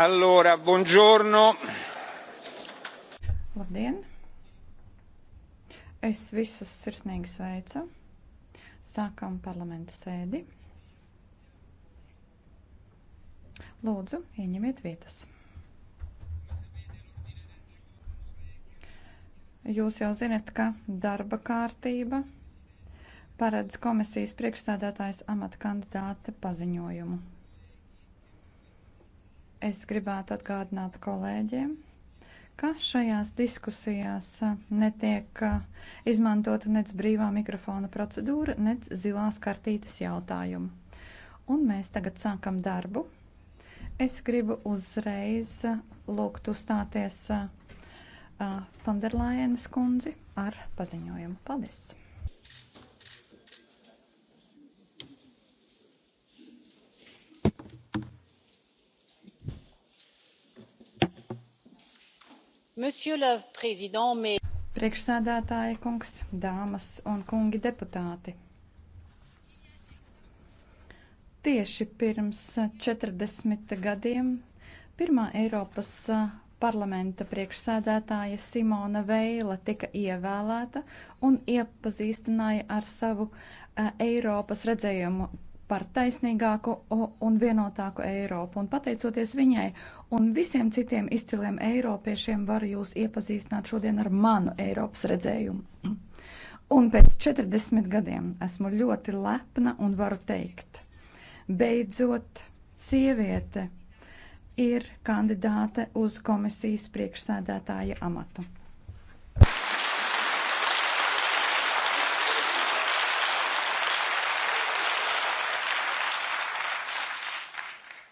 Allora, buongiorno. Labdien! Es visus sirsnīgi sveicu. Sākam parlamenta sēdi. Lūdzu, ieņemiet vietas. Jūs jau zinat, ka darba kārtība paredz komisijas priekšsēdētājs amata kandidāta paziņojumu. Es gribētu atgādināt kolēģiem, ka šajās diskusijās netiek izmantota nec brīvā mikrofona procedūra, nec zilās kartītes jautājumu. Un mēs tagad sākam darbu. Es gribu uzreiz lūgt uzstāties Fonderlajenes kundzi ar paziņojumu. Paldies! Priekšsēdētāja kungs, dāmas un kungi deputāti. Tieši pirms 40 gadiem pirmā Eiropas parlamenta priekšsēdētāja Simona Veila tika ievēlēta un iepazīstināja ar savu eh, Eiropas redzējumu par taisnīgāku un vienotāku Eiropu. Un pateicoties viņai un visiem citiem izciliem eiropiešiem, varu jūs iepazīstināt šodien ar manu Eiropas redzējumu. Un pēc 40 gadiem esmu ļoti lepna un varu teikt, beidzot, sieviete ir kandidāte uz komisijas priekšsēdētāja amatu.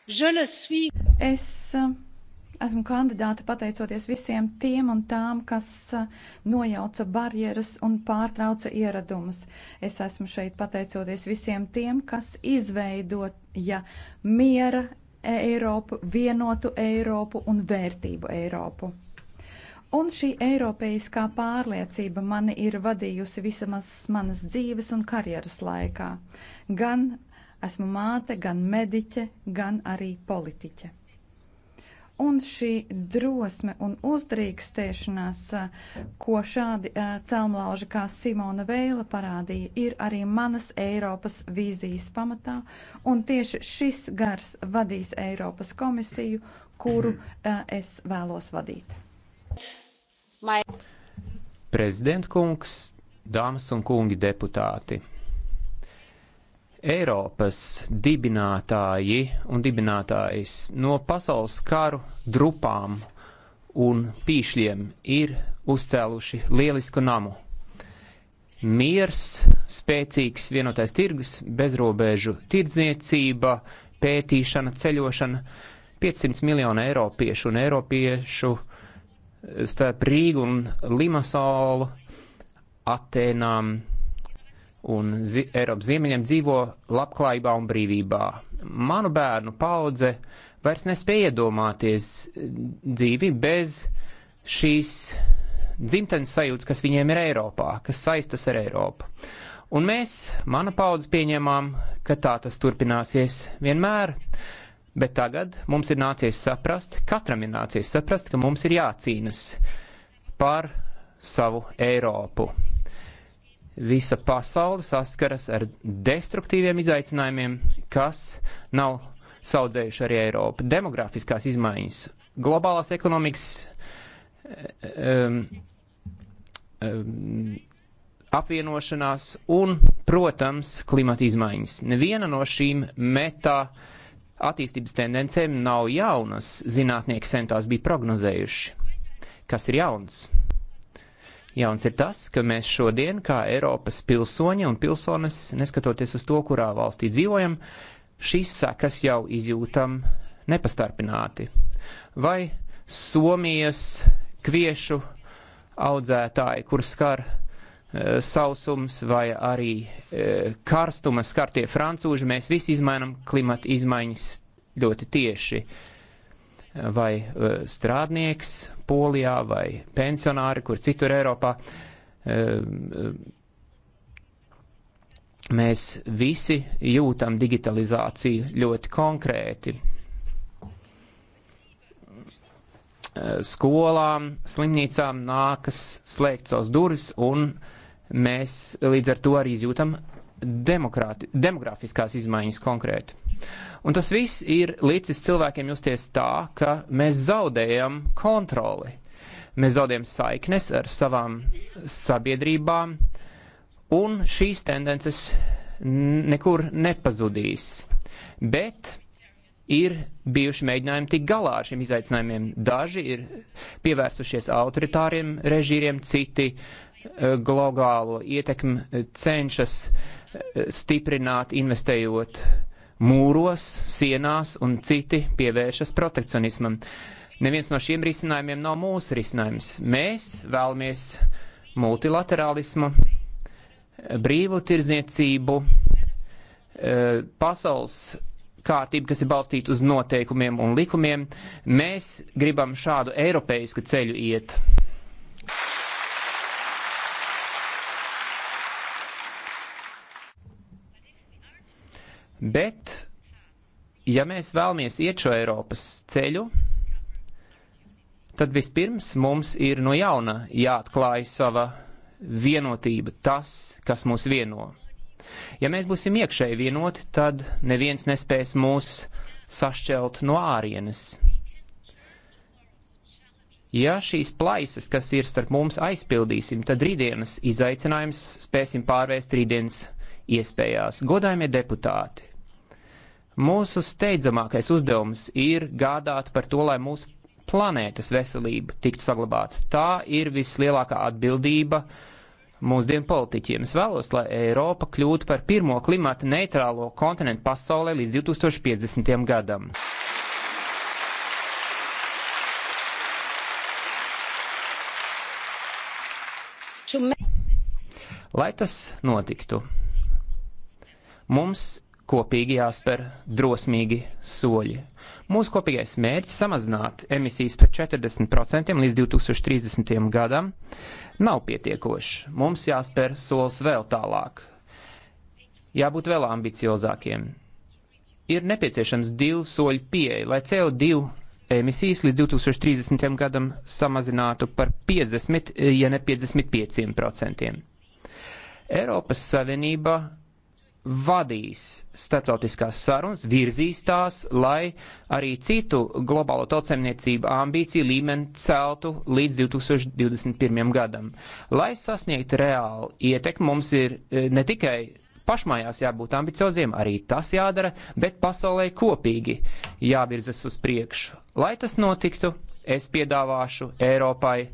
Es eh, esmu kandidāte pateicoties visiem tiem un tām, kas eh, nojauca barjeras un pārtrauca ieradumus. Es esmu šeit pateicoties visiem tiem, kas izveidoja miera Eiropu, vienotu Eiropu un vērtību Eiropu. Un šī eiropeiskā pārliecība mani ir vadījusi visas manas dzīves un karjeras laikā, gan Esmu māte, gan mediķe, gan arī politiķe. Un šī drosme un uzdrīkstēšanās, ko šādi eh, celmlauži kā Simona Veila parādīja, ir arī manas Eiropas vīzijas pamatā, un tieši šis gars vadīs Eiropas komisiju, kuru eh, es vēlos vadīt. Prezidentkungs, dāmas un kungi deputāti! Eiropas dibinātāji un dibinātājs no pasaules karu drupām un pīšļiem ir uzcēluši lielisku namu. Miers, spēcīgs vienotais tirgus, bezrobežu tirdzniecība, pētīšana, ceļošana, 500 miljonu eiropiešu un eiropiešu eh, starp Rīgu un Limasolu, Atēnām, un zi Eiropas ziemeļiem dzīvo labklājībā un brīvībā. Manu bērnu paudze vairs nespēja iedomāties dzīvi bez šīs dzimtenes sajūtas, kas viņiem ir Eiropā, kas saistas ar Eiropu. Un mēs, mana paudze, pieņēmām, ka tā tas turpināsies vienmēr, bet tagad mums ir nācies saprast, katram ir nācies saprast, ka mums ir jācīnas par savu Eiropu. Visa pasaule saskaras ar destruktīviem izaicinājumiem, kas nav saudzējuši arī Eiropu. Demografiskās izmaiņas, globālās ekonomikas eh, eh, um, eh, um, apvienošanās un, protams, klimata izmaiņas. Neviena no šīm metā attīstības tendencēm nav jaunas, zinātnieki sen tās bija prognozējuši. Kas ir jauns? Jauns ir tas, ka mēs šodien, kā Eiropas pilsoņi un pilsonis, neskatoties uz to, kurā valstī dzīvojam, šīs sekas jau izjūtam nepastarpināti. Vai Somijas kviešu audzētāji, kur skar e, sausums vai arī e, karstuma skartie francūži, mēs visi izmainam klimata izmaiņas ļoti tieši. Uh, vai e, strādnieks Polijā vai pensionāri, kur citur Eiropā. E, e, mēs visi jūtam digitalizāciju ļoti konkrēti. Skolām, slimnīcām nākas slēgt savus durvis, un mēs līdz ar to arī izjūtam demografiskās izmaiņas konkrēti. Un tas viss ir līdzis cilvēkiem justies tā, ka mēs zaudējam kontroli. Mēs zaudējam saiknes ar savām sabiedrībām, un šīs tendences nekur nepazudīs. Bet ir bijuši mēģinājumi tikt galā ar šiem izaicinājumiem. Daži ir pievērsušies autoritāriem režīriem, citi eh, globālo ietekmi eh, cenšas eh, stiprināt, investējot uh, mūros, sienās un citi pievēršas protekcionismam. Neviens no šiem risinājumiem nav mūsu risinājums. Mēs vēlamies multilaterālismu, brīvu tirzniecību, e, pasaules kārtību, kas ir balstīta uz noteikumiem un likumiem. Mēs gribam šādu eiropeisku ceļu iet. Bet, ja mēs vēlamies iet šo Eiropas ceļu, tad vispirms mums ir no jauna jāatklāj sava vienotība, tas, kas mūs vieno. Ja mēs būsim iekšēji vienoti, tad neviens nespēs mūs sašķelt no ārienes. Ja šīs plaisas, kas ir starp mums, aizpildīsim, tad rītdienas izaicinājums spēsim pārvērst rītdienas iespējās. Godājumie deputāti, Mūsu steidzamākais uzdevums ir gādāt par to, lai mūsu planētas veselība tiktu saglabāta. Tā ir vislielākā atbildība mūsdienu politiķiem. Es vēlos, lai Eiropa kļūtu par pirmo klimata neitrālo kontinentu pasaulē līdz 2050. gadam. Lai tas notiktu, mums kopīgi jāspēr drosmīgi soļi. Mūsu kopīgais mērķis samazināt emisijas par 40% līdz 2030. gadam nav pietiekošs. Mums jāspēr solis vēl tālāk. Jābūt vēl ambiciozākiem. Ir nepieciešams divu soļu pieeja, lai CO2 emisijas līdz 2030. gadam samazinātu par 50, ja ne 55%. Eiropas Savienība vadīs starptautiskās sarunas, virzīs tās, lai arī citu globālo tautsēmniecību ambīciju līmeni celtu līdz 2021. gadam. Lai sasniegtu reālu ietekmi, mums ir e, ne tikai pašmājās jābūt ambicioziem, arī tas jādara, bet pasaulē kopīgi jāvirzas uz priekšu. Lai tas notiktu, es piedāvāšu Eiropai e,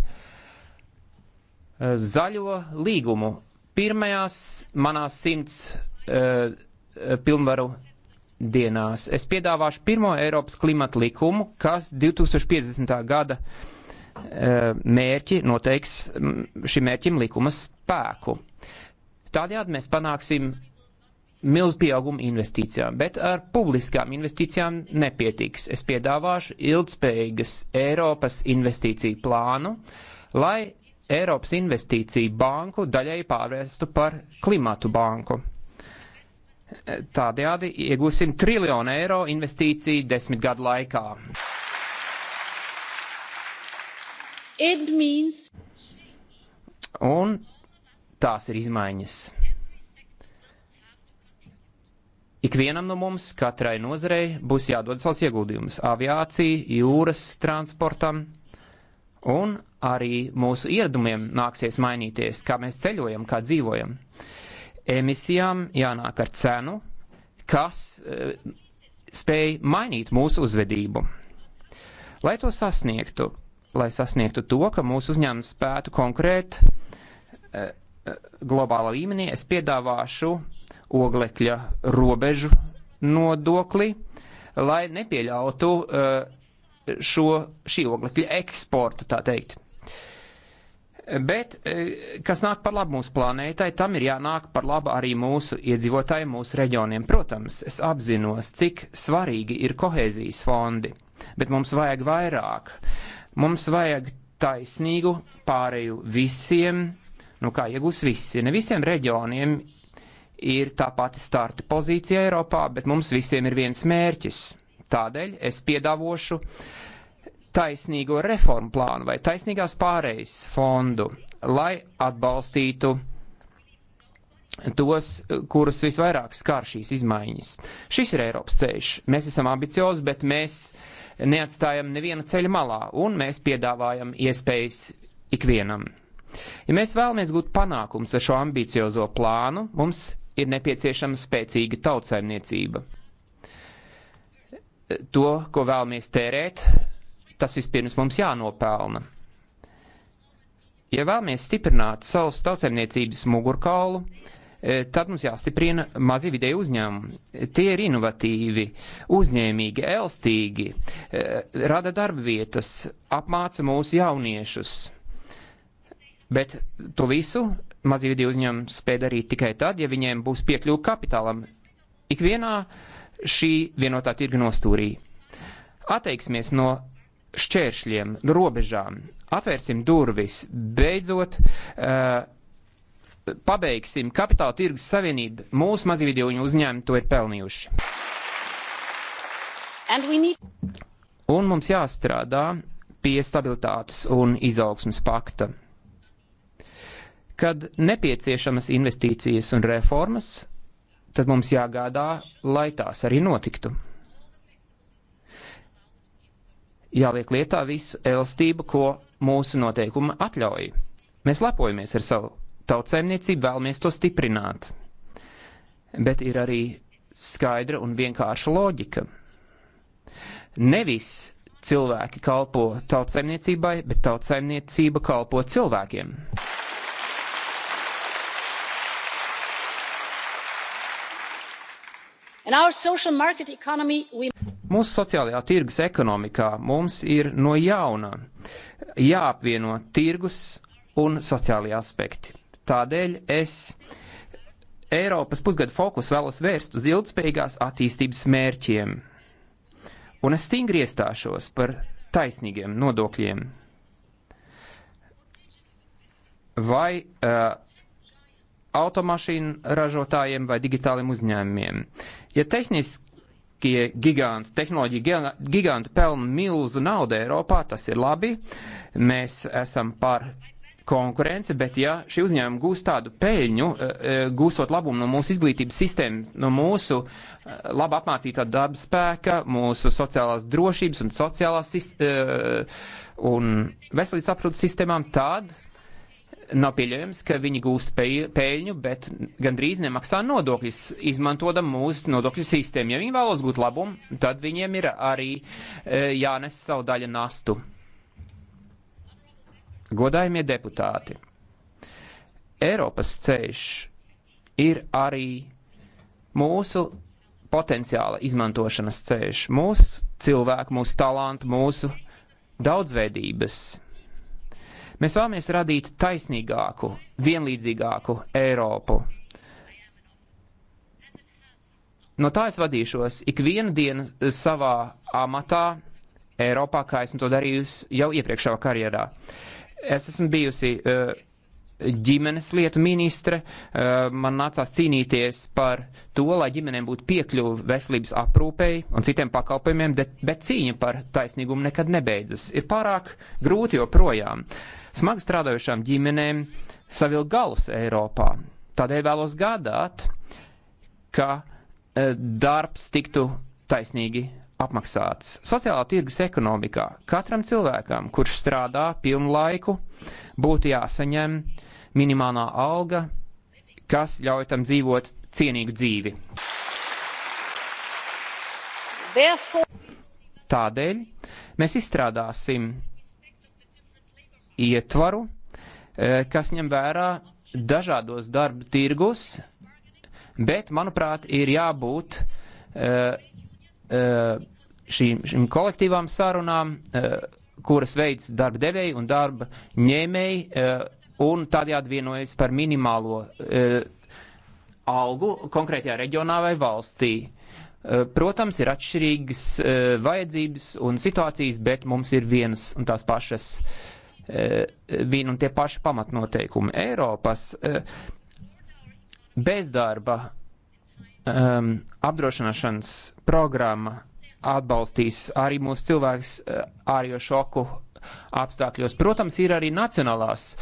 zaļo līgumu. Pirmajās manās simts Eh, pilnvaru dienās. Es piedāvāšu pirmo Eiropas klimata likumu, kas 2050. gada eh, mērķi noteiks mm, šim mērķim likuma spēku. Tādējādi mēs panāksim milz pieaugumu investīcijām, bet ar publiskām investīcijām nepietiks. Es piedāvāšu ilgspējīgas Eiropas investīciju plānu, lai Eiropas investīciju banku daļai pārvērstu par klimatu banku. Tādējādi iegūsim triljonu eiro investīciju desmit gadu laikā. Means... Un tās ir izmaiņas. Ikvienam no mums, katrai nozarei, būs jādod savs ieguldījums - aviācija, jūras transportam, un arī mūsu ieradumiem nāksies mainīties, kā mēs ceļojam, kā dzīvojam. Uh, emisijām jānāk ar cenu, kas e, spēj mainīt mūsu uzvedību. Lai to sasniegtu, lai sasniegtu to, ka mūsu uzņēmums spētu konkrēt e, e, globālā līmenī, es piedāvāšu oglekļa robežu nodokli, lai nepieļautu šo, šī oglekļa eksportu, tā teikt. Bet, e, kas nāk par labu mūsu planētai, tam ir jānāk par labu arī mūsu iedzīvotājiem, mūsu reģioniem. Protams, es apzinos, cik svarīgi ir kohēzijas fondi, bet mums vajag vairāk. Mums vajag taisnīgu pārēju visiem, nu kā iegūs visi. Ne visiem reģioniem ir tā pati starta pozīcija Eiropā, bet mums visiem ir viens mērķis. Tādēļ es piedāvošu uh, taisnīgo reformu plānu vai taisnīgās pārejas fondu, lai atbalstītu tos, kurus visvairāk skar šīs izmaiņas. Šis ir Eiropas ceļš. Mēs esam ambiciozi, bet mēs neatstājam nevienu ceļu malā, un mēs piedāvājam iespējas ikvienam. Ja mēs vēlamies gūt panākums ar šo ambiciozo plānu, mums ir nepieciešama spēcīga tautsaimniecība. To, ko vēlamies tērēt, tas vispirms mums jānopelna. Ja vēlamies stiprināt savus tautsēmniecības mugurkaulu, e, tad mums jāstiprina mazi vidēji uzņēmumi. Tie ir inovatīvi, uzņēmīgi, elstīgi, e, rada darba vietas, apmāca mūsu jauniešus. Bet to visu mazi vidēji uzņēmumi spēj darīt tikai tad, ja viņiem būs piekļuva kapitālam. Ikvienā šī vienotā tirga nostūrī. Atteiksimies no šķēršļiem, robežām. Atvērsim durvis, beidzot. Uh, Pabeigsim kapitāla tirgus savienību. Mūsu mazvideo uzņēmumi to ir pelnījuši. Need... Un mums jāstrādā pie stabilitātes un izaugsmas pakta. Kad nepieciešamas investīcijas un reformas, tad mums jāgādā, lai tās arī notiktu jāliek lietā visa elastība, ko mūsu noteikumi atļauj. Mēs lepojamies ar savu tautsēmniecību, vēlamies to stiprināt. Bet ir arī skaidra un vienkārša loģika. Nevis cilvēki kalpo tautsēmniecībai, bet tautsēmniecība kalpo cilvēkiem. We... Mūsu sociālajā tirgus ekonomikā mums ir no jauna jāapvieno tirgus un sociālajie aspekti. Tādēļ es Eiropas pusgada fokus vēlos vērst uz ilgspējīgās attīstības mērķiem. Un es stingri iestāšos par taisnīgiem nodokļiem. Vai uh, automašīnu ražotājiem vai digitāliem uzņēmumiem. Ja tehniski tehnoloģiskie giganti, tehnoloģija giganti pelna milzu naudu Eiropā, tas ir labi, mēs esam par konkurence, bet ja šī uzņēmuma gūs tādu peļņu, eh, eh, gūstot labumu no mūsu izglītības sistēmas, no mūsu eh, labi apmācītā darba spēka, mūsu sociālās drošības un sociālās un veselības aprūpas sistēmām, tad Nav pieļaujams, ka viņi gūst peļņu, bet gandrīz nemaksā nodokļus, izmantojot mūsu nodokļu sistēmu. Ja viņi vēlas gūt labumu, tad viņiem ir arī e, jānes savu daļu nastu. Godājumie deputāti, Eiropas ceļš ir arī mūsu potenciāla izmantošanas ceļš, mūsu cilvēku, mūsu talantu, mūsu daudzveidības Mēs vēlamies radīt taisnīgāku, vienlīdzīgāku Eiropu. No tā es vadīšos ikvienu dienu savā amatā Eiropā, kā esmu to darījusi jau iepriekšējā karjerā. Es esmu bijusi eh, ģimenes lietu ministre, eh, man nācās cīnīties par to, lai ģimenēm būtu piekļuva veselības aprūpei un citiem pakalpojumiem, bet cīņa par taisnīgumu nekad nebeidzas. Ir pārāk grūti joprojām. Uh, smagi strādājušām ģimenēm savilkt galus Eiropā. Tādēļ vēlos gādāt, ka e, darbs tiktu taisnīgi apmaksāts. Sociālā tirgus ekonomikā katram cilvēkam, kurš strādā pilnu laiku, būtu jāsaņem minimālā alga, kas ļauj tam dzīvot cienīgu dzīvi. Tādēļ mēs izstrādāsim ietvaru, e, kas ņem vērā dažādos darba tirgus, bet, manuprāt, ir jābūt e, e, šīm, šīm kolektīvām sarunām, kuras veids darba devēji un darba ņēmēji, un tādējādi vienojas par minimālo algu konkrētajā reģionā vai valstī. Protams, ir atšķirīgas vajadzības un situācijas, bet mums ir vienas un tās pašas uh, Eh, vien un tie paši pamatnoteikumi. Eiropas eh, bezdarba ehm, apdrošināšanas programma atbalstīs arī mūsu cilvēks eh, ārējo šoku apstākļos. Protams, ir arī nacionālās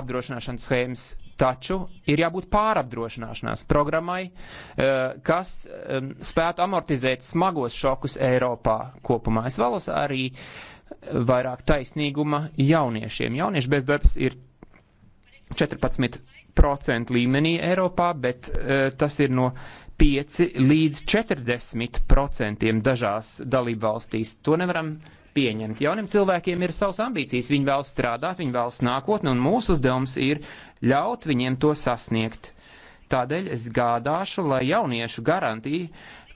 apdrošināšanas schēmas, Taču ir jābūt pārapdrošināšanās programmai, eh, kas spētu amortizēt smagos šokus Eiropā kopumā. Es vēlos arī vairāk taisnīguma jauniešiem. Jauniešu bezdarbs ir 14% līmenī Eiropā, bet eh, tas ir no 5 līdz 40% dažās dalību valstīs. To nevaram pieņemt. Jauniem cilvēkiem ir savas ambīcijas, viņi vēlas strādāt, viņi vēlas nākotni, un mūsu uzdevums ir ļaut viņiem to sasniegt. Tādēļ es gādāšu, lai jauniešu garantija,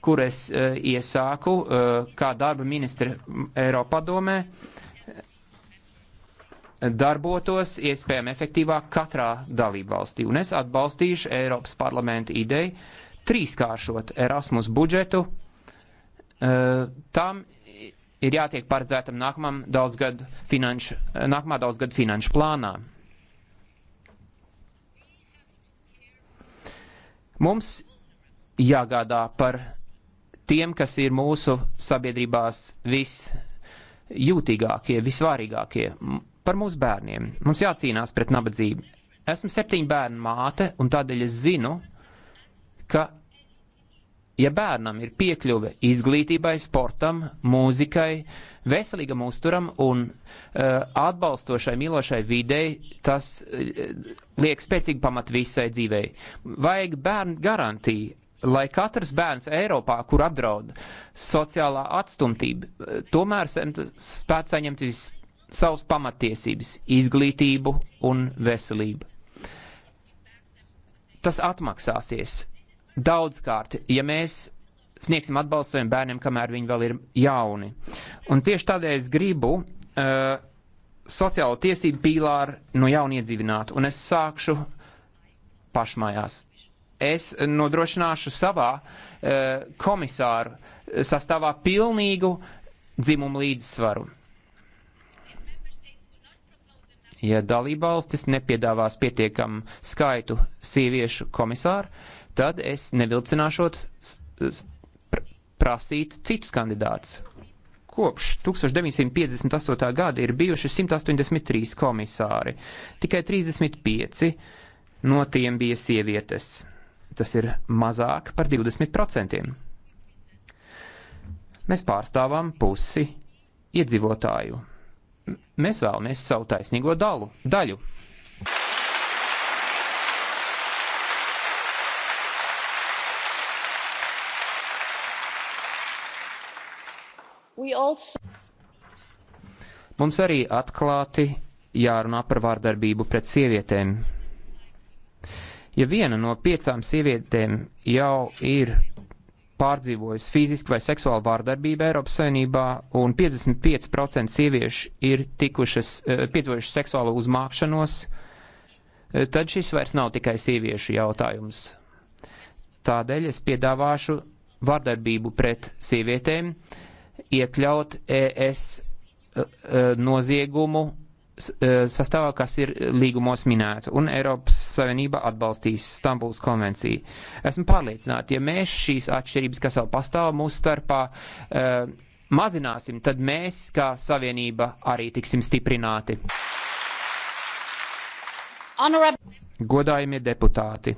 kur es uh, iesāku uh, kā darba ministra Eiropadomē, darbotos iespējami efektīvāk katrā dalību valstī. Un es atbalstīšu Eiropas parlamenta ideju trīskāršot Erasmus budžetu. Uh, tam ir jātiek paredzētam nākamam daudzgadu finanšu, nākamā daudzgadu finanšu plānā. Mums jāgādā par tiem, kas ir mūsu sabiedrībās visjūtīgākie, visvārīgākie, par mūsu bērniem. Mums jācīnās pret nabadzību. Esmu septiņu bērnu māte, un tādēļ es zinu, ka Ja bērnam ir piekļuve izglītībai, sportam, mūzikai, veselīgam uzturam un uh, atbalstošai mīlošai videi, tas uh, liek spēcīgi pamat visai dzīvei. Vajag bērnu garantiju, lai katrs bērns Eiropā, kur apdraud sociālā atstumtība, uh, tomēr spētu saņemt savas pamatiesības - izglītību un veselību. Tas atmaksāsies daudzkārt, ja mēs sniegsim atbalstu saviem bērniem, kamēr viņi vēl ir jauni. Un tieši tādēļ es gribu uh, sociālo tiesību pīlāru no jauna iedzīvināt, un es sākšu pašmājās. Es nodrošināšu savā uh, komisāru sastāvā pilnīgu dzimumu līdzsvaru. Ja dalībvalstis nepiedāvās pietiekam skaitu sieviešu komisāru, uh, tad es nevilcināšot prasīt citus kandidātus. Kopš 1958. gada ir bijuši 183 komisāri, tikai 35 no tiem bija sievietes. Tas ir mazāk par 20%. Mēs pārstāvām pusi iedzīvotāju. M mēs vēlamies savu taisnīgo dalu, daļu. also... Mums arī atklāti jārunā par vārdarbību pret sievietēm. Ja viena no piecām sievietēm jau ir pārdzīvojusi fizisku vai seksuālu vārdarbību Eiropas Savienībā, un 55% sieviešu ir tikušas, eh, piedzīvojušas seksuālu uzmākšanos, eh, tad šis vairs nav tikai sieviešu jautājums. Tādēļ es piedāvāšu vārdarbību pret sievietēm uh, iekļaut ES e, e, noziegumu e, sastāvā, kas ir līgumos minēta, un Eiropas Savienība atbalstīs Stambuls konvenciju. Esmu pārliecināta, ja mēs šīs atšķirības, kas vēl pastāv mūsu starpā, mazināsim, tad mēs, kā Savienība, arī tiksim stiprināti. Godājumie deputāti!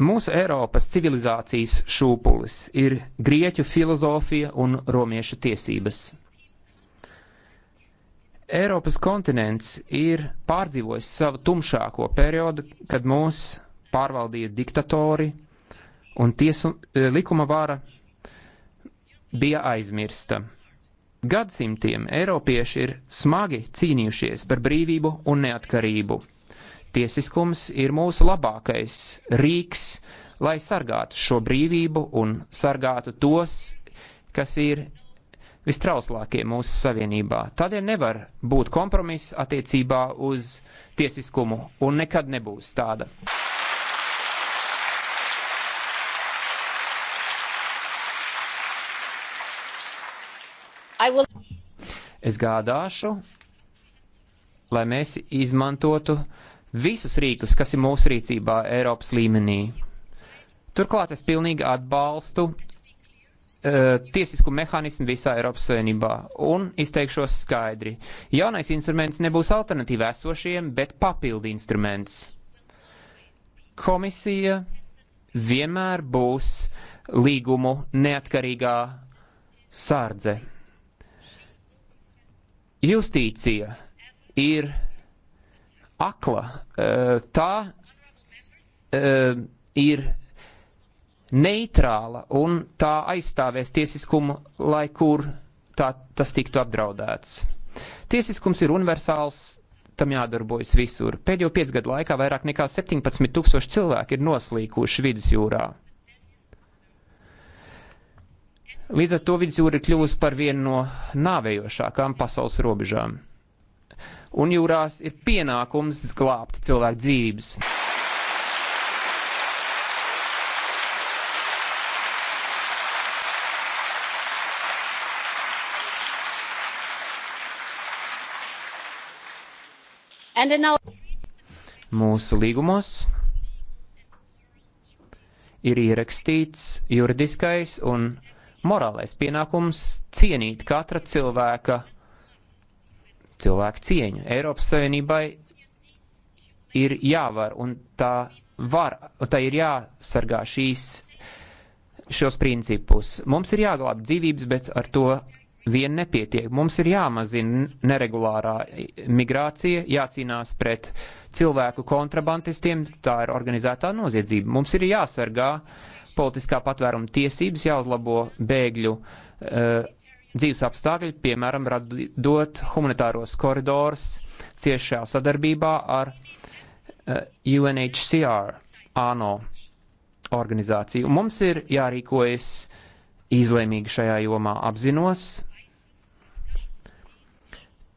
Mūsu Eiropas civilizācijas šūpulis ir grieķu filozofija un romiešu tiesības. Eiropas kontinents ir pārdzīvojis savu tumšāko periodu, kad mūs pārvaldīja diktatori un tiesu, eh, likuma vara bija aizmirsta. Gadsimtiem Eiropieši ir smagi cīnījušies par brīvību un neatkarību Tiesiskums ir mūsu labākais rīks, lai sargātu šo brīvību un sargātu tos, kas ir vistrauslākie mūsu savienībā. Tādēļ nevar būt kompromiss attiecībā uz tiesiskumu un nekad nebūs tāda. Will... Es gādāšu, lai mēs izmantotu uh, visus rīkus, kas ir mūsu rīcībā Eiropas līmenī. Turklāt es pilnīgi atbalstu uh, tiesisku mehānismu visā Eiropas Savienībā un izteikšos skaidri. Jaunais instruments nebūs alternatīva esošiem, bet papildi instruments. Komisija vienmēr būs līgumu neatkarīgā sārdze. Justīcija ir akla. Eh, tā eh, ir neitrāla un tā aizstāvēs tiesiskumu, lai kur tā, tas tiktu apdraudēts. Tiesiskums ir universāls, tam jādarbojas visur. Pēdējo piecu gadu laikā vairāk nekā 17 tūkstoši cilvēki ir noslīkuši vidusjūrā. Līdz ar to vidusjūra ir kļuvusi par vienu no nāvējošākām pasaules robežām un jūrās ir pienākums glābt cilvēku dzīvības. Mūsu līgumos ir ierakstīts juridiskais un morālais pienākums cienīt katra cilvēka cilvēku cieņu. Eiropas Savienībai ir jāvar un tā var, un tā ir jāsargā šīs, šos principus. Mums ir jāglāb dzīvības, bet ar to vien nepietiek. Mums ir jāmazina neregulārā migrācija, jācīnās pret cilvēku kontrabantistiem, tā ir organizētā noziedzība. Mums ir jāsargā politiskā patvēruma tiesības, jāuzlabo bēgļu uh, dzīves apstākļi, piemēram, radot humanitāros koridors ciešajā sadarbībā ar eh, UNHCR, ANO organizāciju. Un mums ir jārīkojas izlēmīgi šajā jomā apzinos,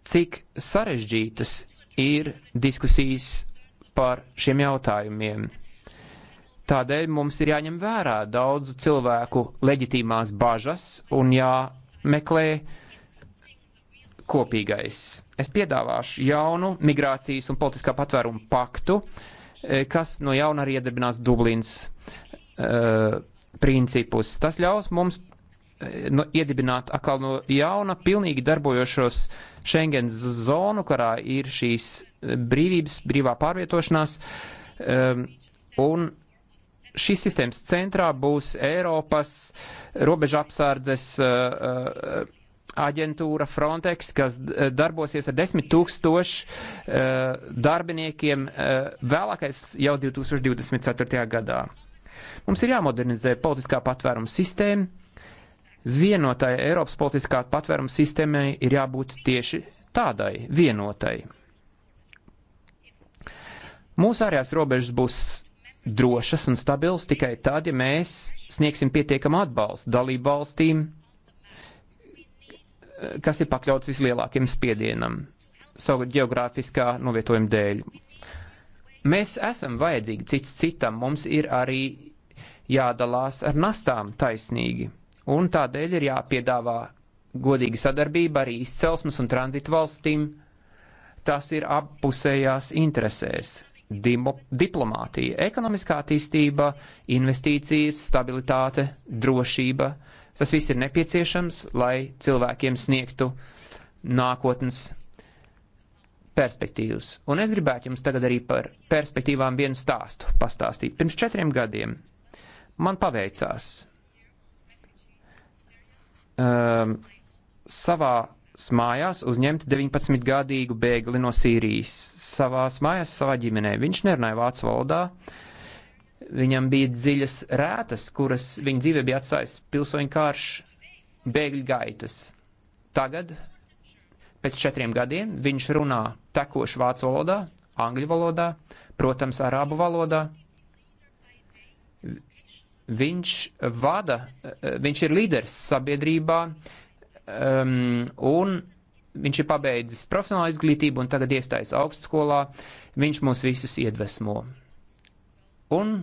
cik sarežģītas ir diskusijas par šiem jautājumiem. Tādēļ mums ir jāņem vērā daudzu cilvēku leģitīmās bažas un jā meklē kopīgais. Es piedāvāšu jaunu migrācijas un politiskā patvērumu paktu, eh, kas no jauna arī iedarbinās Dublīns uh, eh, principus. Tas ļaus mums eh, no, iedibināt atkal no jauna pilnīgi darbojošos Schengen zonu, kurā ir šīs brīvības, brīvā pārvietošanās, um, un šīs sistēmas centrā būs Eiropas robeža apsardzes uh, uh, aģentūra Frontex, kas uh, darbosies ar desmit tūkstošu darbiniekiem vēlākais jau 2024. gadā. Mums ir jāmodernizē politiskā patvēruma sistēma. Vienotai Eiropas politiskā patvēruma sistēmai ir jābūt tieši tādai vienotai. Mūsu ārējās robežas būs drošas un stabilas tikai tad, ja mēs sniegsim pietiekamu atbalstu dalību valstīm, kas ir pakļauts vislielākiem spiedienam savu geogrāfiskā novietojuma dēļ. Mēs esam vajadzīgi cits citam, mums ir arī jādalās ar nastām taisnīgi, un tādēļ ir jāpiedāvā godīga sadarbība arī izcelsmes un tranzītu valstīm. Tas ir appusējās interesēs diplomātija, ekonomiskā attīstība, investīcijas, stabilitāte, drošība. Tas viss ir nepieciešams, lai cilvēkiem sniegtu nākotnes perspektīvas. Un es gribētu jums tagad arī par perspektīvām vienu stāstu pastāstīt. Pirms četriem gadiem man paveicās um, savā mājās uzņemt 19-gadīgu bēgli no Sīrijas. Savās mājās, savā ģimenē. Viņš nerunāja vācu valodā. Viņam bija dziļas rētas, kuras viņa dzīvē bija atstājis pilsoņu kārš, bēgļu gaitas. Tagad, pēc četriem gadiem, viņš runā tekoši vācu valodā, angļu valodā, protams, arābu valodā. Viņš vada, eh, eh, viņš ir līderis sabiedrībā, uh, um, un viņš ir pabeidzis profesionālu izglītību un tagad iestājas augstskolā. Viņš mūs visus iedvesmo. Un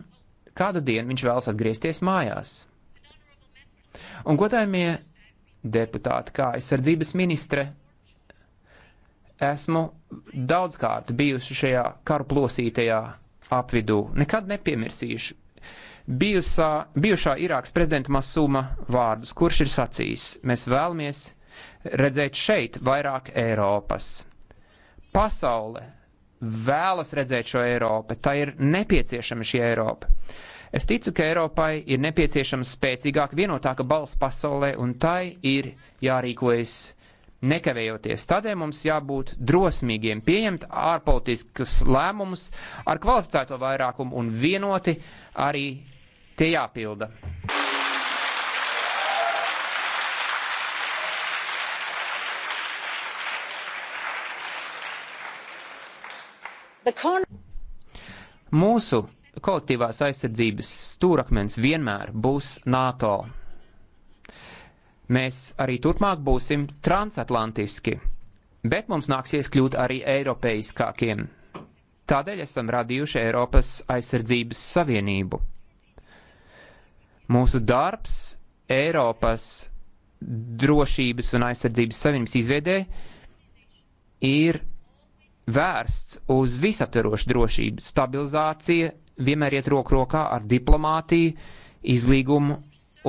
kādu dienu viņš vēlas atgriezties mājās. Un, godājumie deputāti, kā aizsardzības ministre, esmu daudzkārt bijusi šajā karu plosītajā apvidū. Nekad nepiemirsīšu, bijusā, bijušā Irākas prezidenta Masuma vārdus, kurš ir sacījis, mēs vēlamies redzēt šeit vairāk Eiropas. Pasaule vēlas redzēt šo Eiropu, tā ir nepieciešama šī Eiropa. Es ticu, ka Eiropai ir nepieciešama spēcīgāka, vienotāka balss pasaulē, un tai ir jārīkojas nekavējoties. Tādēļ mums jābūt drosmīgiem, pieņemt ārpolitiskus lēmumus ar kvalificēto vairākumu un vienoti arī Tie jāpilda. Mūsu kolektīvās aizsardzības stūrakmens vienmēr būs NATO. Mēs arī turpmāk būsim transatlantiski, bet mums nāksies kļūt arī eiropeiskākiem. Tādēļ esam radījuši Eiropas aizsardzības savienību. Mūsu darbs Eiropas drošības un aizsardzības savienības izveidē ir vērsts uz visaptverošu drošību. Stabilizācija vienmēr iet roku rokā ar diplomātiju, izlīgumu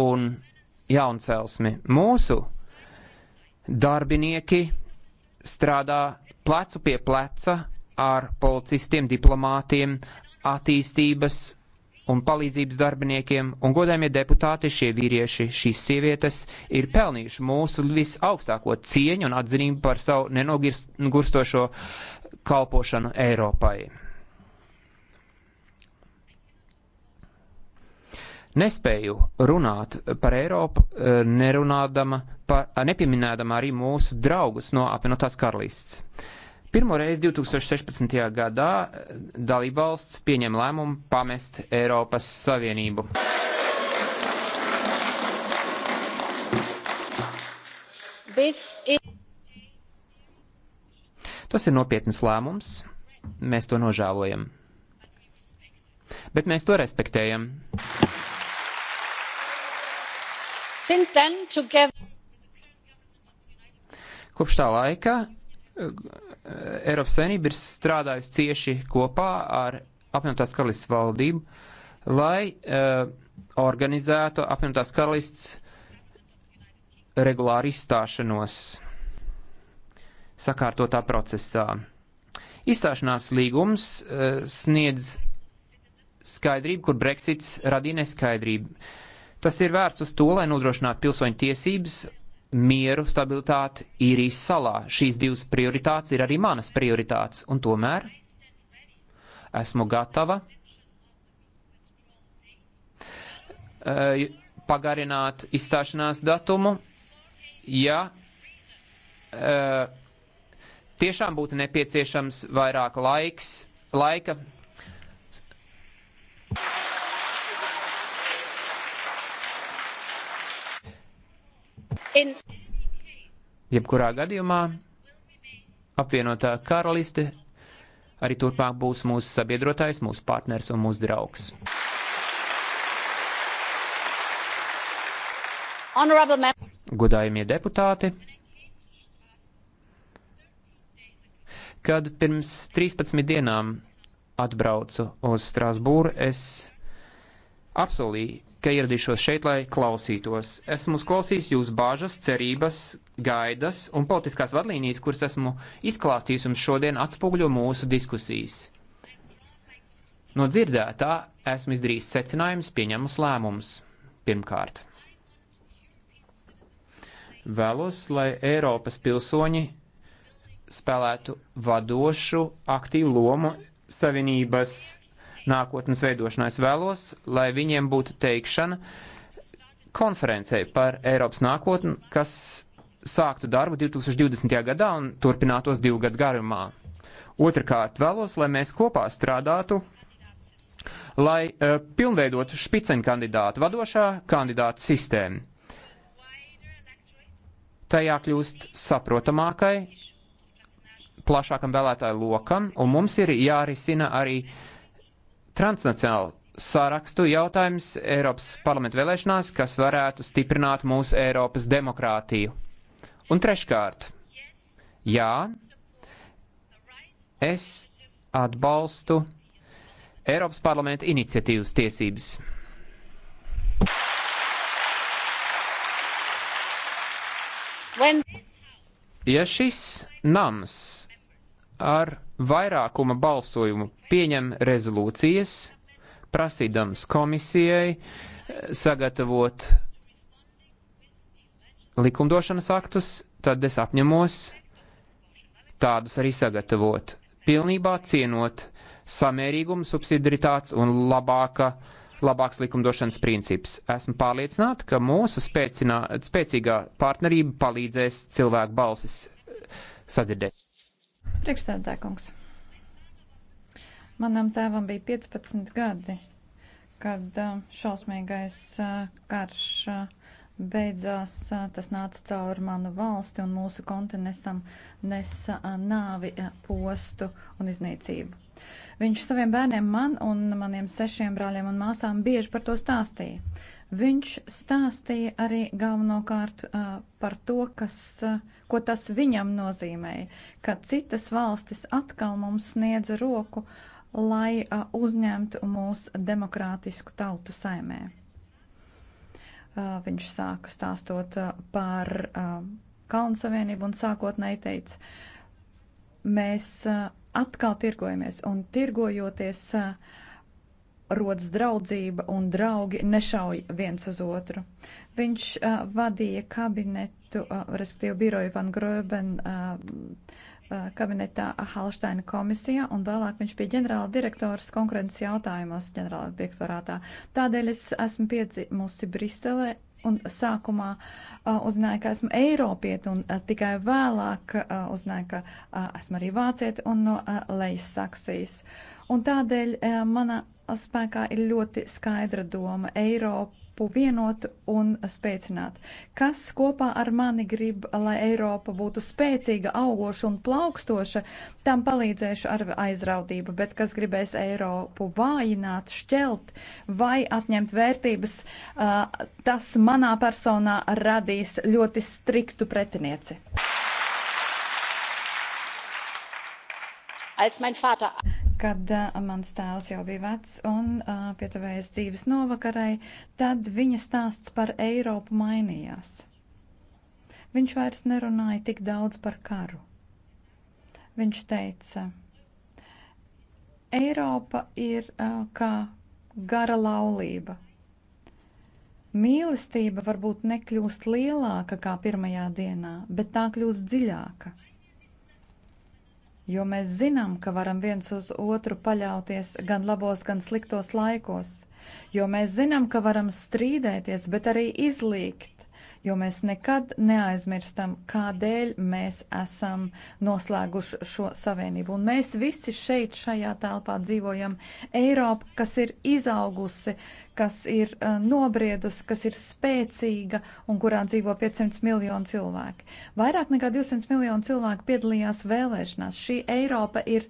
un jauncelsmi. Mūsu darbinieki strādā plecu pie pleca ar policistiem, diplomātiem, attīstības un palīdzības darbiniekiem, un godējumie deputāti, šie vīrieši, šīs sievietes ir pelnījuši mūsu visaugstāko cieņu un atzinību par savu nenogurstošo kalpošanu Eiropai. Nespēju runāt par Eiropu, eh, nerunādama, par, nepieminēdama arī mūsu draugus no apvienotās karalists. Pirmo reizi 2016. gadā eh, dalībvalsts pieņem lēmumu pamest Eiropas Savienību. Tas ir nopietnas lēmums, mēs to nožēlojam. Bet mēs to respektējam. Kopš tā laika Eiropas Savienība ir strādājusi cieši kopā ar apvienotās karalists valdību, lai uh, organizētu apvienotās karalists regulāru izstāšanos sakārtotā procesā. Izstāšanās līgums uh, sniedz skaidrību, kur Brexits radīja neskaidrību. Tas ir vērts uz to, lai nodrošinātu pilsoņu tiesības mieru, stabilitāti īrijas salā. Šīs divas prioritātes ir arī manas prioritātes, un tomēr esmu gatava eh, pagarināt izstāšanās datumu, ja eh, tiešām būtu nepieciešams vairāk laiks, laika. In Jebkurā gadījumā apvienotā karaliste arī turpmāk būs mūsu sabiedrotājs, mūsu partners un mūsu draugs. Godājumie deputāti, kad pirms 13 dienām atbraucu uz Strasbūru, es apsolīju ka ieradīšos šeit, lai klausītos. Esmu uzklausījis jūsu bāžas, cerības, gaidas un politiskās vadlīnijas, kuras esmu izklāstījis un šodien atspoguļo mūsu diskusijas. No dzirdētā esmu izdarījis secinājumus, pieņemus lēmumus. Pirmkārt, vēlos, lai Eiropas pilsoņi spēlētu vadošu aktīvu lomu savienības nākotnes veidošanā. Es vēlos, lai viņiem būtu teikšana konferencē par Eiropas nākotni, kas sāktu darbu 2020. gadā un turpinātos divu gadu garumā. Otrakārt, vēlos, lai mēs kopā strādātu, lai uh, e, pilnveidotu špiceņu kandidātu vadošā kandidātu sistēmu. Tajā kļūst saprotamākai, plašākam vēlētāju lokam, un mums ir jārisina arī uh, transnacionālu sarakstu jautājums Eiropas parlamentu vēlēšanās, kas varētu stiprināt mūsu Eiropas demokrātiju. Un treškārt, jā, es atbalstu Eiropas parlamenta iniciatīvas tiesības. Ja šis nams ar vairākuma balsojumu pieņem rezolūcijas, prasīdams komisijai eh, sagatavot likumdošanas aktus, tad es apņemos tādus arī sagatavot, pilnībā cienot samērīgumu, subsidiaritātes un labāka, labāks likumdošanas princips. Esmu pārliecināta, ka mūsu spēcinā, spēcīgā partnerība palīdzēs cilvēku balsis eh, sadzirdēt. Priekšsēdētāj, kungs. Manam tēvam bija 15 gadi, kad šausmīgais karš beidzās. Tas nāca cauri manu valsti un mūsu kontinentam nesa nāvi, postu un iznīcību. Viņš saviem bērniem, man un maniem sešiem brāļiem un māsām bieži par to stāstīja. Viņš stāstīja arī galvenokārt par to, kas uh, ko tas viņam nozīmēja, ka citas valstis atkal mums sniedza roku, lai uzņemtu mūs demokrātisku tautu saimē. Viņš sāka stāstot par Kalnu Savienību un sākotnēji teica, mēs atkal tirgojamies un tirgojoties rodas draudzība un draugi nešauj viens uz otru. Viņš uh, vadīja kabinetu projektu, respektīvi biroju Van Groben kabinetā Halsteina komisijā, un vēlāk viņš bija ģenerāla direktors konkurences jautājumos ģenerāla direktorātā. Tādēļ es esmu piedzimusi Briselē un sākumā uh, uzzināju, ka esmu Eiropieta, un uh, tikai vēlāk uh, uzzināju, ka uh, esmu arī Vācieta un no uh, Lejas Saksijas. Un tādēļ uh, mana spēkā ir ļoti skaidra doma - Eiropu vienot un spēcināt. Kas kopā ar mani grib, lai Eiropa būtu spēcīga, augoša un plaukstoša, tam palīdzēšu ar aizrautību, bet kas gribēs Eiropu vājināt, šķelt vai atņemt vērtības, tas manā personā radīs ļoti striktu pretinieci. Als mein Vater kad uh, mans tēvs jau bija vecs un uh, pietuvējies dzīves novakarai, tad viņa stāsts par Eiropu mainījās. Viņš vairs nerunāja tik daudz par karu. Viņš teica, Eiropa ir uh, kā gara laulība. Mīlestība varbūt nekļūst lielāka kā pirmajā dienā, bet tā kļūst dziļāka jo mēs zinām, ka varam viens uz otru paļauties gan labos, gan sliktos laikos, jo mēs zinām, ka varam strīdēties, bet arī izlīgt, jo mēs nekad neaizmirstam, kādēļ mēs esam noslēguši šo savienību. Un mēs visi šeit, šajā telpā dzīvojam Eiropu, kas ir izaugusi, kas ir uh, nobriedusi, kas ir spēcīga un kurā dzīvo 500 miljonu cilvēku. Vairāk nekā 200 miljonu cilvēku piedalījās vēlēšanās. Šī Eiropa ir.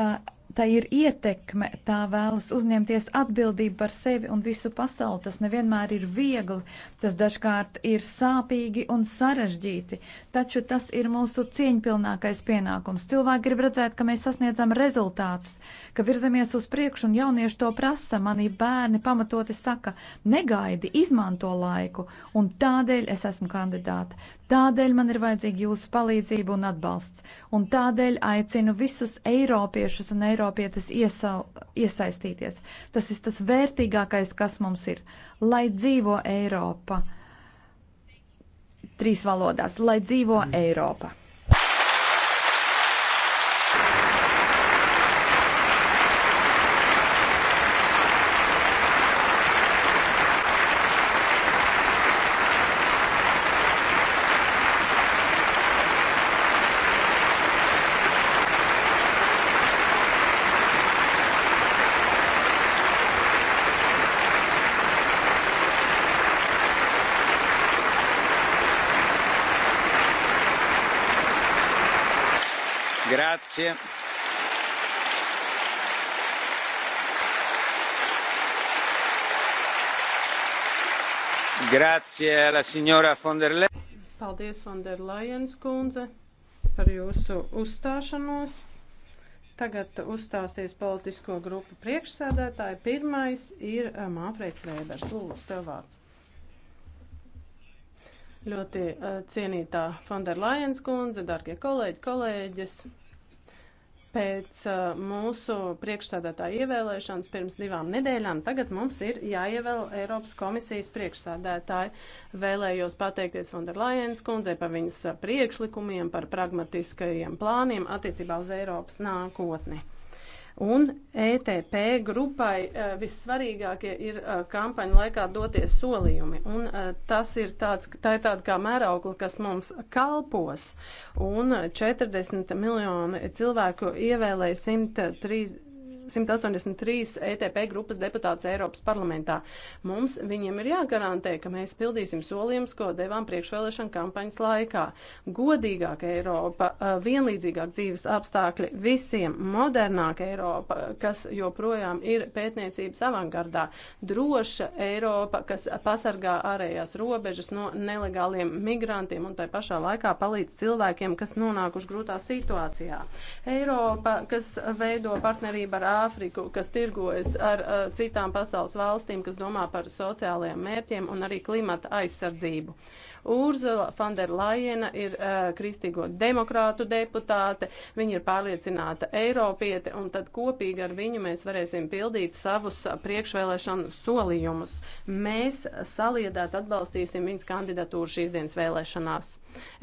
Uh, tā ir ietekme, tā vēlas uzņemties atbildību par sevi un visu pasauli. Tas nevienmēr ir viegli, tas dažkārt ir sāpīgi un sarežģīti, taču tas ir mūsu cieņpilnākais pienākums. Cilvēki grib redzēt, ka mēs sasniedzam rezultātus, ka virzamies uz priekšu un jaunieši to prasa. Mani bērni pamatoti saka, negaidi, izmanto laiku, un tādēļ es esmu kandidāta. Tādēļ man ir vajadzīga jūsu palīdzība un atbalsts, un tādēļ aicinu visus eiropiešus un eiropietes iesa iesaistīties. Tas ir tas vērtīgākais, kas mums ir, lai dzīvo Eiropa trīs valodās, lai dzīvo Eiropa. Grazie. Grazie alla signora von der Leyen. Paldies, von der Leyens kundze, par jūsu uzstāšanos. Tagad uzstāsies politisko grupu priekšsēdētāji. Pirmais ir eh, Māfrēds Vēbers. Lūdzu, tev vārds. Ļoti uh, cienītā Fonderlajens kundze, darbie kolēģi, kolēģis. Pēc uh, mūsu priekšsādātāja ievēlēšanas pirms divām nedēļām tagad mums ir jāievēl Eiropas komisijas priekšsādātāji. Vēlējos pateikties Fonderlajens kundzei par viņas uh, priekšlikumiem, par pragmatiskajiem plāniem attiecībā uz Eiropas nākotni. Un ETP grupai eh, vissvarīgākie ir eh, kampaņu laikā doties solījumi. Un eh, tas ir tāds, tā ir tāda kā mēraukla, kas mums kalpos. Un 40 miljoni cilvēku ievēlēja 103. 183 ETP grupas deputāts Eiropas parlamentā. Mums viņiem ir jāgarantē, ka mēs pildīsim solījumus, ko devām priekšvēlēšana kampaņas laikā. Godīgāka Eiropa, vienlīdzīgāk dzīves apstākļi visiem, modernāka Eiropa, kas joprojām ir pētniecības avangardā, droša Eiropa, kas pasargā ārējās robežas no nelegāliem migrantiem un tai pašā laikā palīdz cilvēkiem, kas nonākuši grūtā situācijā. Eiropa, kas veido partnerību ar Āfriku, kas tirgojas ar uh, citām pasaules valstīm, kas domā par sociālajiem mērķiem un arī klimata aizsardzību. Uh, Urzula Fanderlajena ir uh, kristīgo demokrātu deputāte, viņa ir pārliecināta Eiropiete, un tad kopīgi ar viņu mēs varēsim pildīt savus eh, priekšvēlēšanu solījumus. Mēs saliedāt atbalstīsim viņas kandidatūru šīs dienas vēlēšanās.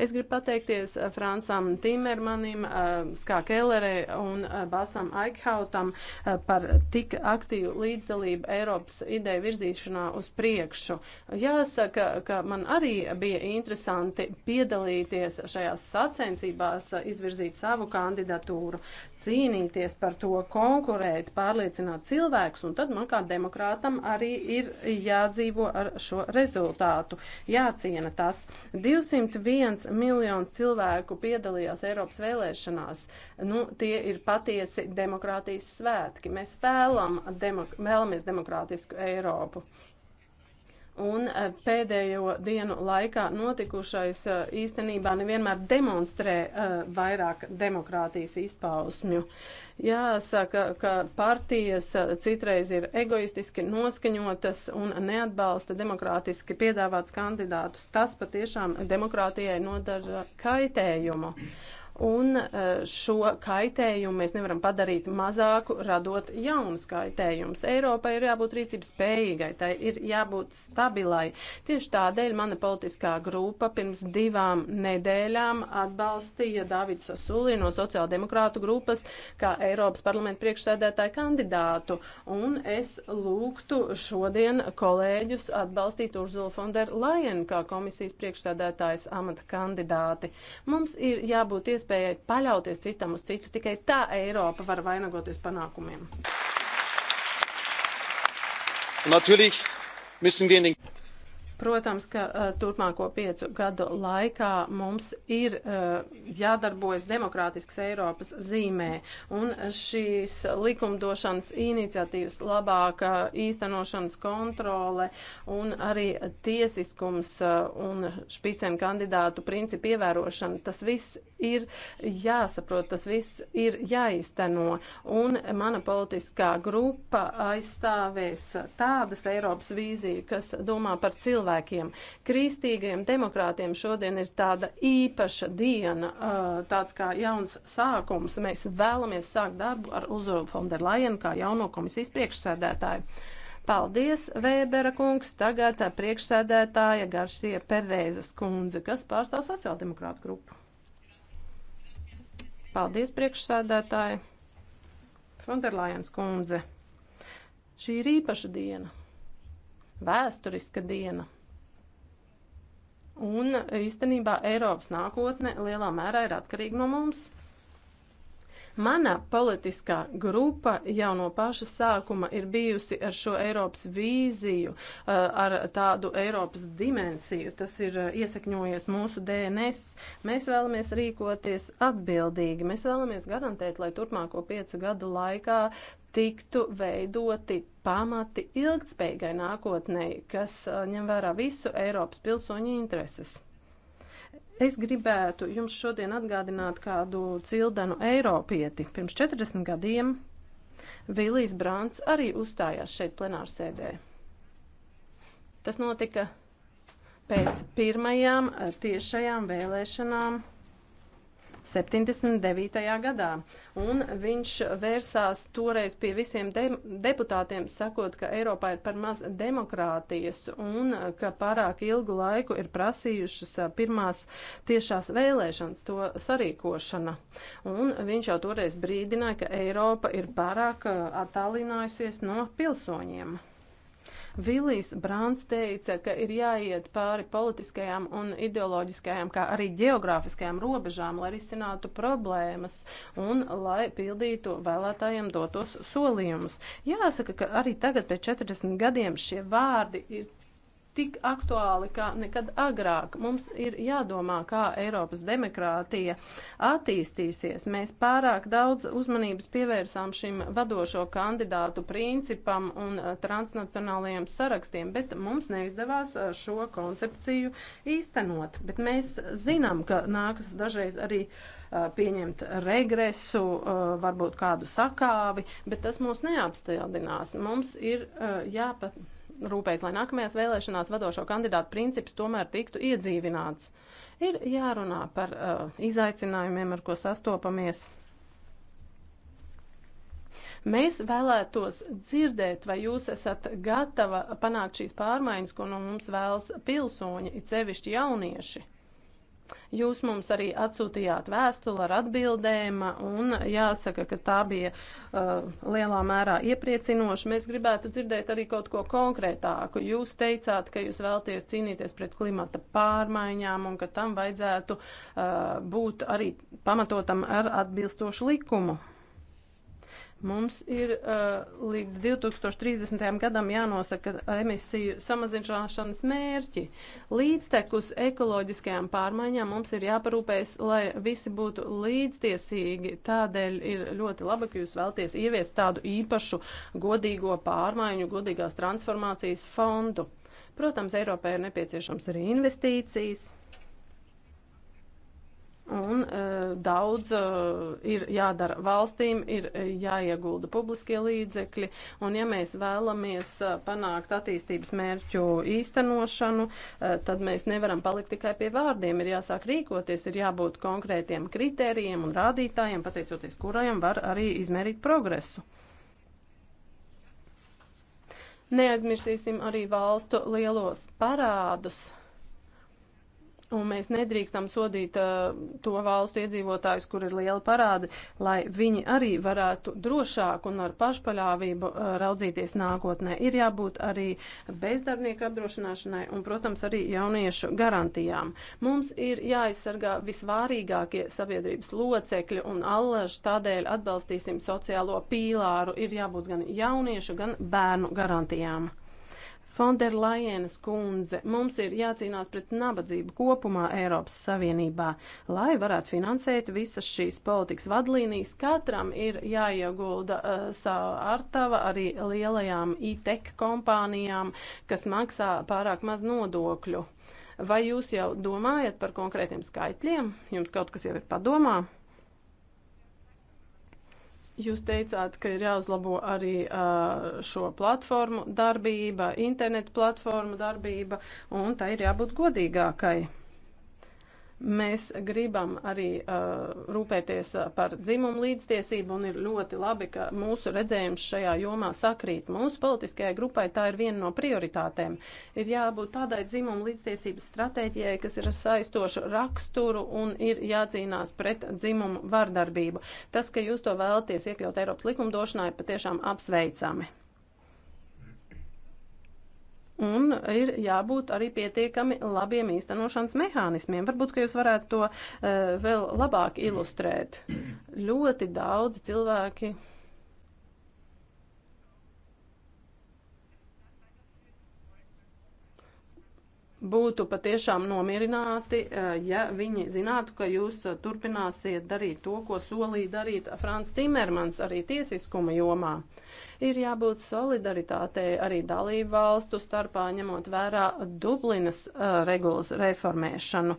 Es gribu pateikties eh, Francam Timermanim, uh, Skā Kellerē un uh, Basam Aikhautam uh, par tik aktīvu līdzdalību Eiropas ideju virzīšanā uz priekšu. Jāsaka, ka man arī bija bija interesanti piedalīties šajās sacensībās, izvirzīt savu kandidatūru, cīnīties par to, konkurēt, pārliecināt cilvēkus, un tad man kā demokrātam arī ir jādzīvo ar šo rezultātu, jāciena tas. 201 miljonus cilvēku piedalījās Eiropas vēlēšanās, nu, tie ir patiesi demokrātijas svētki. Mēs vēlam, demok vēlamies demokrātisku Eiropu un e, pēdējo dienu laikā notikušais e, īstenībā nevienmēr demonstrē e, vairāk demokrātijas izpausmju. Jāsaka, ka partijas citreiz ir egoistiski noskaņotas un neatbalsta demokrātiski piedāvāts kandidātus. Tas patiešām demokrātijai nodara kaitējumu. Un e, šo kaitējumu mēs nevaram padarīt mazāku, radot jaunus kaitējumus. Eiropai ir jābūt rīcības spējīgai, tai ir jābūt stabilai. Tieši tādēļ mana politiskā grupa pirms divām nedēļām atbalstīja Davidu Sasulī no sociāldemokrātu grupas kā Eiropas parlamenta priekšsēdētāju kandidātu. Un es lūgtu šodien kolēģus atbalstīt Urzulu Fonderu Lajenu kā komisijas priekšsēdētājas amata kandidāti. Mums ir jābūt iespējams iespējai paļauties citam uz citu. Tikai tā Eiropa var vainagoties panākumiem. Natürlich müssen wir in den Protams, ka uh, turpmāko piecu gadu laikā mums ir uh, jādarbojas demokrātiskas Eiropas zīmē, un šīs likumdošanas iniciatīvas labāka īstenošanas kontrole un arī tiesiskums uh, un špicen kandidātu principu ievērošana, tas viss ir jāsaprot, tas viss ir jāizteno. Un mana politiskā grupa aizstāvēs tādas Eiropas vīziju, kas domā par cilvēkiem. Kristīgiem demokrātiem šodien ir tāda īpaša diena, tāds kā jauns sākums. Mēs vēlamies sākt darbu ar Uzuru Fonderlajenu kā jauno komisijas priekšsēdētāju. Paldies, Vēbera kungs, tagad priekšsēdētāja Garšie Perēzes kundze, kas pārstāv sociāldemokrātu grupu. Paldies, priekšsēdētāji. Fonderlajens kundze. Šī ir īpaša diena, vēsturiska diena. Un īstenībā Eiropas nākotne lielā mērā ir atkarīga no mums. Mana politiskā grupa jau no paša sākuma ir bijusi ar šo Eiropas vīziju, eh, ar tādu Eiropas dimensiju. Tas ir eh, iesakņojies mūsu DNS. Mēs vēlamies rīkoties atbildīgi. Mēs vēlamies garantēt, lai turpmāko piecu gadu laikā tiktu veidoti pamati ilgtspējīgai nākotnei, kas eh, ņem vērā visu Eiropas pilsoņu intereses. Es gribētu jums šodien atgādināt kādu cildenu Eiropieti. Pirms 40 gadiem Vilijas Brants arī uzstājās šeit plenārsēdē. Tas notika pēc pirmajām eh, tiešajām vēlēšanām 79. gadā. Un viņš vērsās toreiz pie visiem de deputātiem, sakot, ka Eiropā ir par maz demokrātijas un ka pārāk ilgu laiku ir prasījušas pirmās tiešās vēlēšanas to sarīkošana. Un viņš jau toreiz brīdināja, ka Eiropa ir pārāk attālinājusies no pilsoņiem. Vilijs Brants teica, ka ir jāiet pāri politiskajām un ideoloģiskajām, kā arī geogrāfiskajām robežām, lai risinātu problēmas un lai pildītu vēlētājiem dotos solījumus. Jāsaka, ka arī tagad pēc 40 gadiem šie vārdi ir tik aktuāli kā nekad agrāk. Mums ir jādomā, kā Eiropas demokrātija attīstīsies. Mēs pārāk daudz uzmanības pievērsām šim vadošo kandidātu principam un eh, transnacionālajiem sarakstiem, bet mums neizdevās eh, šo koncepciju īstenot. Bet mēs zinām, ka nāks dažreiz arī eh, pieņemt regresu, varbūt kādu sakāvi, bet tas mūs neapstādinās. Mums ir jāpat rūpējas, lai nākamajās vēlēšanās vadošo kandidātu princips tomēr tiktu iedzīvināts. Ir jārunā par uh, izaicinājumiem, ar ko sastopamies. Mēs vēlētos dzirdēt, vai jūs esat gatava panākt šīs pārmaiņas, ko no nu mums vēlas pilsoņi, it sevišķi jaunieši. Jūs mums arī atsūtījāt vēstuli ar atbildēm, un jāsaka, ka tā bija uh, lielā mērā iepriecinoša. Mēs gribētu dzirdēt arī kaut ko konkrētāku. Jūs teicāt, ka jūs vēlties cīnīties pret klimata pārmaiņām un ka tam vajadzētu uh, būt arī pamatotam ar atbilstošu likumu. Mums ir uh, līdz 2030. gadam jānosaka emisiju samazināšanas mērķi. Līdztekus ekoloģiskajām pārmaiņām mums ir jāparūpēs, lai visi būtu līdztiesīgi. Tādēļ ir ļoti labi, ka jūs vēlties ieviest tādu īpašu godīgo pārmaiņu, godīgās transformācijas fondu. Protams, Eiropai ir nepieciešams arī investīcijas Un uh, daudz uh, ir jādara valstīm, ir uh, jāiegulda publiskie līdzekļi, un ja mēs vēlamies uh, panākt attīstības mērķu īstenošanu, uh, tad mēs nevaram palikt tikai pie vārdiem, ir jāsāk rīkoties, ir jābūt konkrētiem kritērijiem un rādītājiem, pateicoties kurajam var arī izmērīt progresu. Neaizmirsīsim arī valstu lielos parādus Un mēs nedrīkstam sodīt uh, to valstu iedzīvotājus, kur ir liela parāda, lai viņi arī varētu drošāk un ar pašpaļāvību uh, raudzīties nākotnē. Ir jābūt arī bezdarbnieku apdrošināšanai un, protams, arī jauniešu garantijām. Mums ir jāaizsargā visvārīgākie sabiedrības locekļi un allaži tādēļ atbalstīsim sociālo pīlāru. Ir jābūt gan jauniešu, gan bērnu garantijām. Fonderlajienas kundze, mums ir jācīnās pret nabadzību kopumā Eiropas Savienībā, lai varētu finansēt visas šīs politikas vadlīnijas. Katram ir jāiegulda uh, eh, savu artava arī lielajām e-tech kompānijām, kas maksā pārāk maz nodokļu. Vai jūs jau domājat par konkrētiem skaitļiem? Jums kaut kas jau ir padomā? Jūs teicāt, ka ir jāuzlabo arī uh, šo platformu darbība, internetu platformu darbība, un tā ir jābūt godīgākai. Mēs gribam arī uh, rūpēties uh, par dzimumu līdztiesību un ir ļoti labi, ka mūsu redzējums šajā jomā sakrīt. Mūsu politiskajai grupai tā ir viena no prioritātēm. Ir jābūt tādai dzimumu līdztiesības stratēģijai, kas ir saistoša raksturu un ir jācīnās pret dzimumu vardarbību. Tas, ka jūs to vēlaties iekļaut Eiropas likumdošanā, ir patiešām apsveicami un ir jābūt arī pietiekami labiem īstenošanas mehānismiem. Varbūt, ka jūs varētu to uh, vēl labāk ilustrēt. Ļoti daudzi cilvēki būtu patiešām nomierināti, eh, ja viņi zinātu, ka jūs eh, turpināsiet darīt to, ko solīja darīt Frans Timermans arī tiesiskuma jomā. Ir jābūt solidaritātei arī dalību valstu starpā, ņemot vērā Dublinas eh, regulas reformēšanu.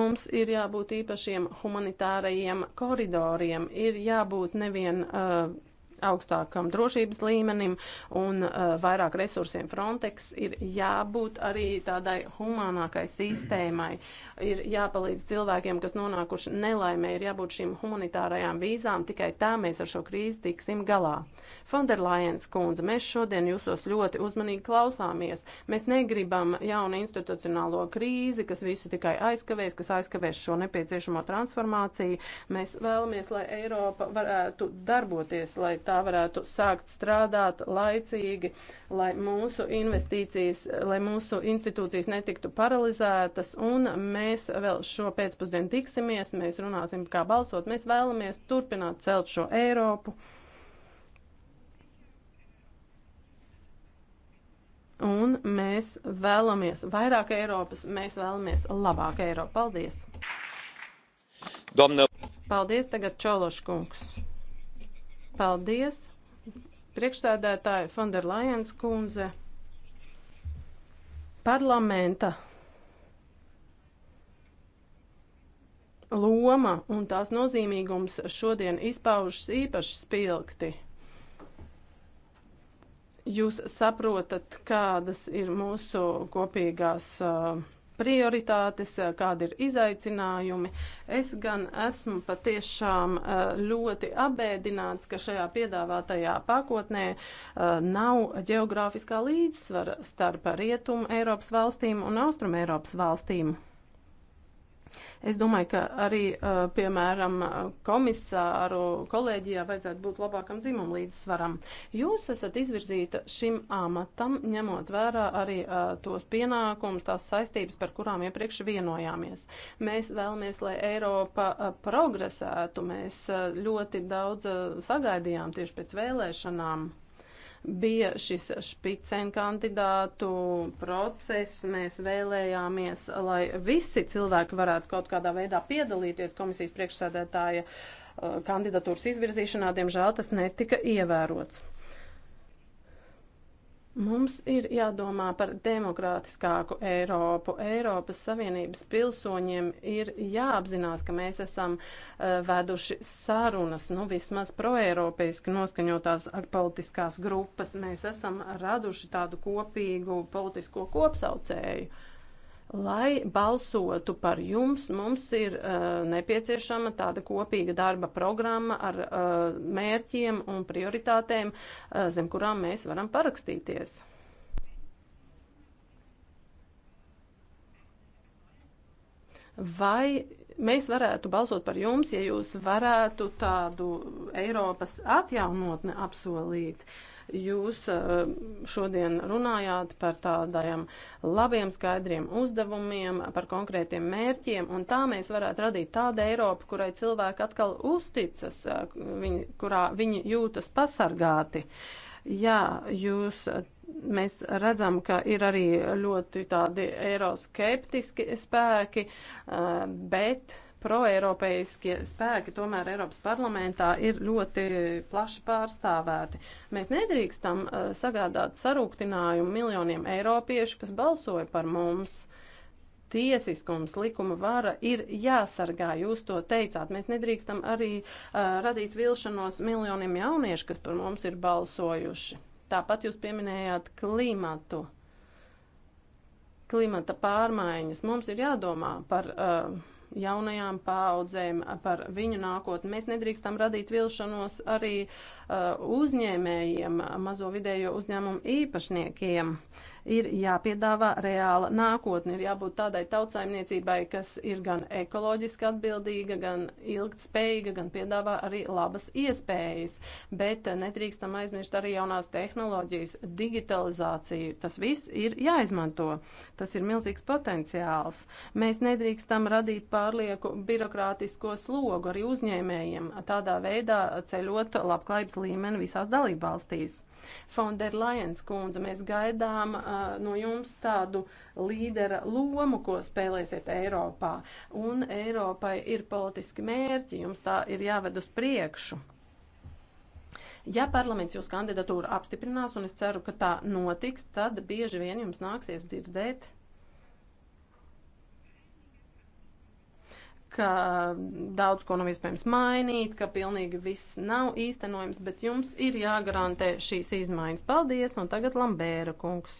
Mums ir jābūt īpašiem humanitārajiem koridoriem, ir jābūt nevien uh, augstākam drošības līmenim un uh, vairāk resursiem Frontex ir jābūt arī tādai humānākai sistēmai. Ir jāpalīdz cilvēkiem, kas nonākuši nelaimē, ir jābūt šīm humanitārajām vīzām, tikai tā mēs ar šo krīzi tiksim galā. Fonderlajens kundze, mēs šodien jūsos ļoti uzmanīgi klausāmies. Mēs negribam jaunu institucionālo krīzi, kas visu tikai aizkavēs, kas aizkavēs šo nepieciešamo transformāciju. Mēs vēlamies, lai Eiropa varētu darboties, lai tā tā varētu sākt strādāt laicīgi, lai mūsu investīcijas, lai mūsu institūcijas netiktu paralizētas, un mēs vēl šo pēcpusdienu tiksimies, mēs runāsim, kā balsot, mēs vēlamies turpināt celt šo Eiropu. Un mēs vēlamies vairāk Eiropas, mēs vēlamies labāk Eiropu. Paldies! Domne... Paldies tagad Čološkungs. Paldies, priekšsēdētāja Fonderlajens kundze. Parlamenta loma un tās nozīmīgums šodien izpaužas īpaši spilgti. Jūs saprotat, kādas ir mūsu kopīgās uh, prioritātes, kādi ir izaicinājumi. Es gan esmu patiešām eh, ļoti abēdināts, ka šajā piedāvātajā pakotnē eh, nav geogrāfiskā līdzsvara starp Rietumu Eiropas valstīm un Austrumu Eiropas valstīm. Es domāju, ka arī, eh, piemēram, komisāru kolēģijā vajadzētu būt labākam dzimumu līdzsvaram. Jūs esat izvirzīta šim amatam, ņemot vērā arī eh, tos pienākums, tās saistības, par kurām iepriekš vienojāmies. Mēs vēlamies, lai Eiropa eh, progresētu. Mēs ļoti daudz sagaidījām tieši pēc vēlēšanām bija šis špicēn kandidātu process. Mēs vēlējāmies, lai visi cilvēki varētu kaut kādā veidā piedalīties komisijas priekšsēdētāja uh, kandidatūras izvirzīšanā. Diemžēl tas netika ievērots. Mums ir jādomā par demokrātiskāku Eiropu. Eiropas Savienības pilsoņiem ir jāapzinās, ka mēs esam uh, veduši sarunas, nu vismaz proeiropeiski noskaņotās politiskās grupas. Mēs esam raduši tādu kopīgu politisko kopsaucēju. Lai balsotu par jums, mums ir uh, nepieciešama tāda kopīga darba programma ar uh, mērķiem un prioritātēm, uh, zem kurām mēs varam parakstīties. Vai mēs varētu balsot par jums, ja jūs varētu tādu Eiropas atjaunotni apsolīt? Uh, Jūs eh, šodien runājāt par tādiem labiem, skaidriem uzdevumiem, par konkrētiem mērķiem, un tā mēs varētu radīt tādu Eiropu, kurai cilvēki atkal uzticas, eh, viņi, kurā viņi jūtas pasargāti. Jā, jūs mēs redzam, ka ir arī ļoti tādi eiroskeptiski spēki, eh, bet proeiropeiskie spēki tomēr Eiropas parlamentā ir ļoti plaši pārstāvēti. Mēs nedrīkstam eh, sagādāt sarūktinājumu miljoniem eiropiešu, kas balsoja par mums. Tiesiskums, likuma vara ir jāsargā, jūs to teicāt. Mēs nedrīkstam arī uh, radīt vilšanos miljoniem jauniešu, kas par mums ir balsojuši. Tāpat jūs pieminējāt klimatu, klimata pārmaiņas. Mums ir jādomā par. Uh, jaunajām paaudzēm, par viņu nākotni. Mēs nedrīkstam radīt vilšanos arī uh, uzņēmējiem, mazo vidējo uzņēmumu īpašniekiem ir jāpiedāvā reāla nākotne, ir jābūt tādai tautsaimniecībai, kas ir gan ekoloģiski atbildīga, gan ilgtspējīga, gan piedāvā arī labas iespējas, bet eh, netrīkstam aizmirst arī jaunās tehnoloģijas, digitalizāciju. Tas viss ir jāizmanto. Tas ir milzīgs potenciāls. Mēs nedrīkstam radīt pārlieku birokrātisko slogu arī uzņēmējiem, tādā veidā ceļot labklājības līmeni visās dalībvalstīs. Fonderlajens kundze, mēs gaidām uh, no jums tādu līdera lomu, ko spēlēsiet Eiropā. Un Eiropai ir politiski mērķi, jums tā ir jāved uz priekšu. Ja parlaments jūsu kandidatūru apstiprinās, un es ceru, ka tā notiks, tad bieži vien jums nāksies dzirdēt ka daudz ko nav iespējams mainīt, ka pilnīgi viss nav īstenojams, bet jums ir jāgarantē šīs izmaiņas. Paldies, un tagad Lambēra kungs,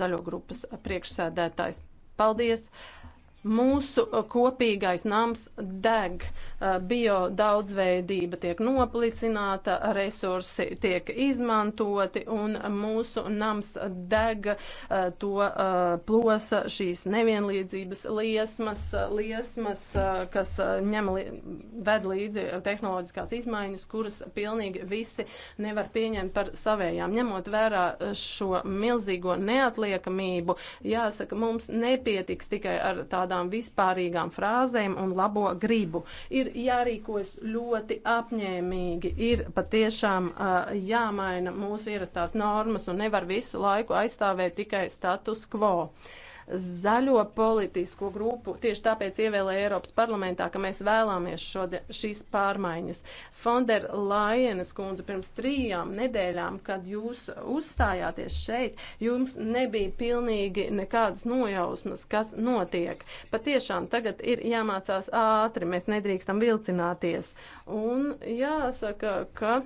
zaļo grupas priekšsēdētājs. Paldies! Uh, Mūsu uh, kopīgais nams deg, uh, bio daudzveidība tiek noplicināta, resursi tiek izmantoti un mūsu nams deg, uh, to plosa šīs nevienlīdzības liesmas, liesmas, kas ņem, ved līdzi tehnoloģiskās izmaiņas, kuras pilnīgi visi nevar pieņemt par savējām. Ņemot vērā šo milzīgo neatliekamību, jāsaka, mums nepietiks tikai ar tādām tādām vispārīgām frāzēm un labo gribu. Ir jārīkojas ļoti apņēmīgi, ir patiešām uh, jāmaina mūsu ierastās normas un nevar visu laiku aizstāvēt tikai status quo. Uh, zaļo politisko grupu tieši tāpēc ievēlēja Eiropas parlamentā, ka mēs vēlamies šode, šīs pārmaiņas. Fonder Lajenes kundze pirms trījām nedēļām, kad jūs uzstājāties šeit, jums nebija pilnīgi nekādas nojausmas, kas notiek. Patiešām tagad ir jāmācās ātri, mēs nedrīkstam vilcināties. Un jāsaka, ka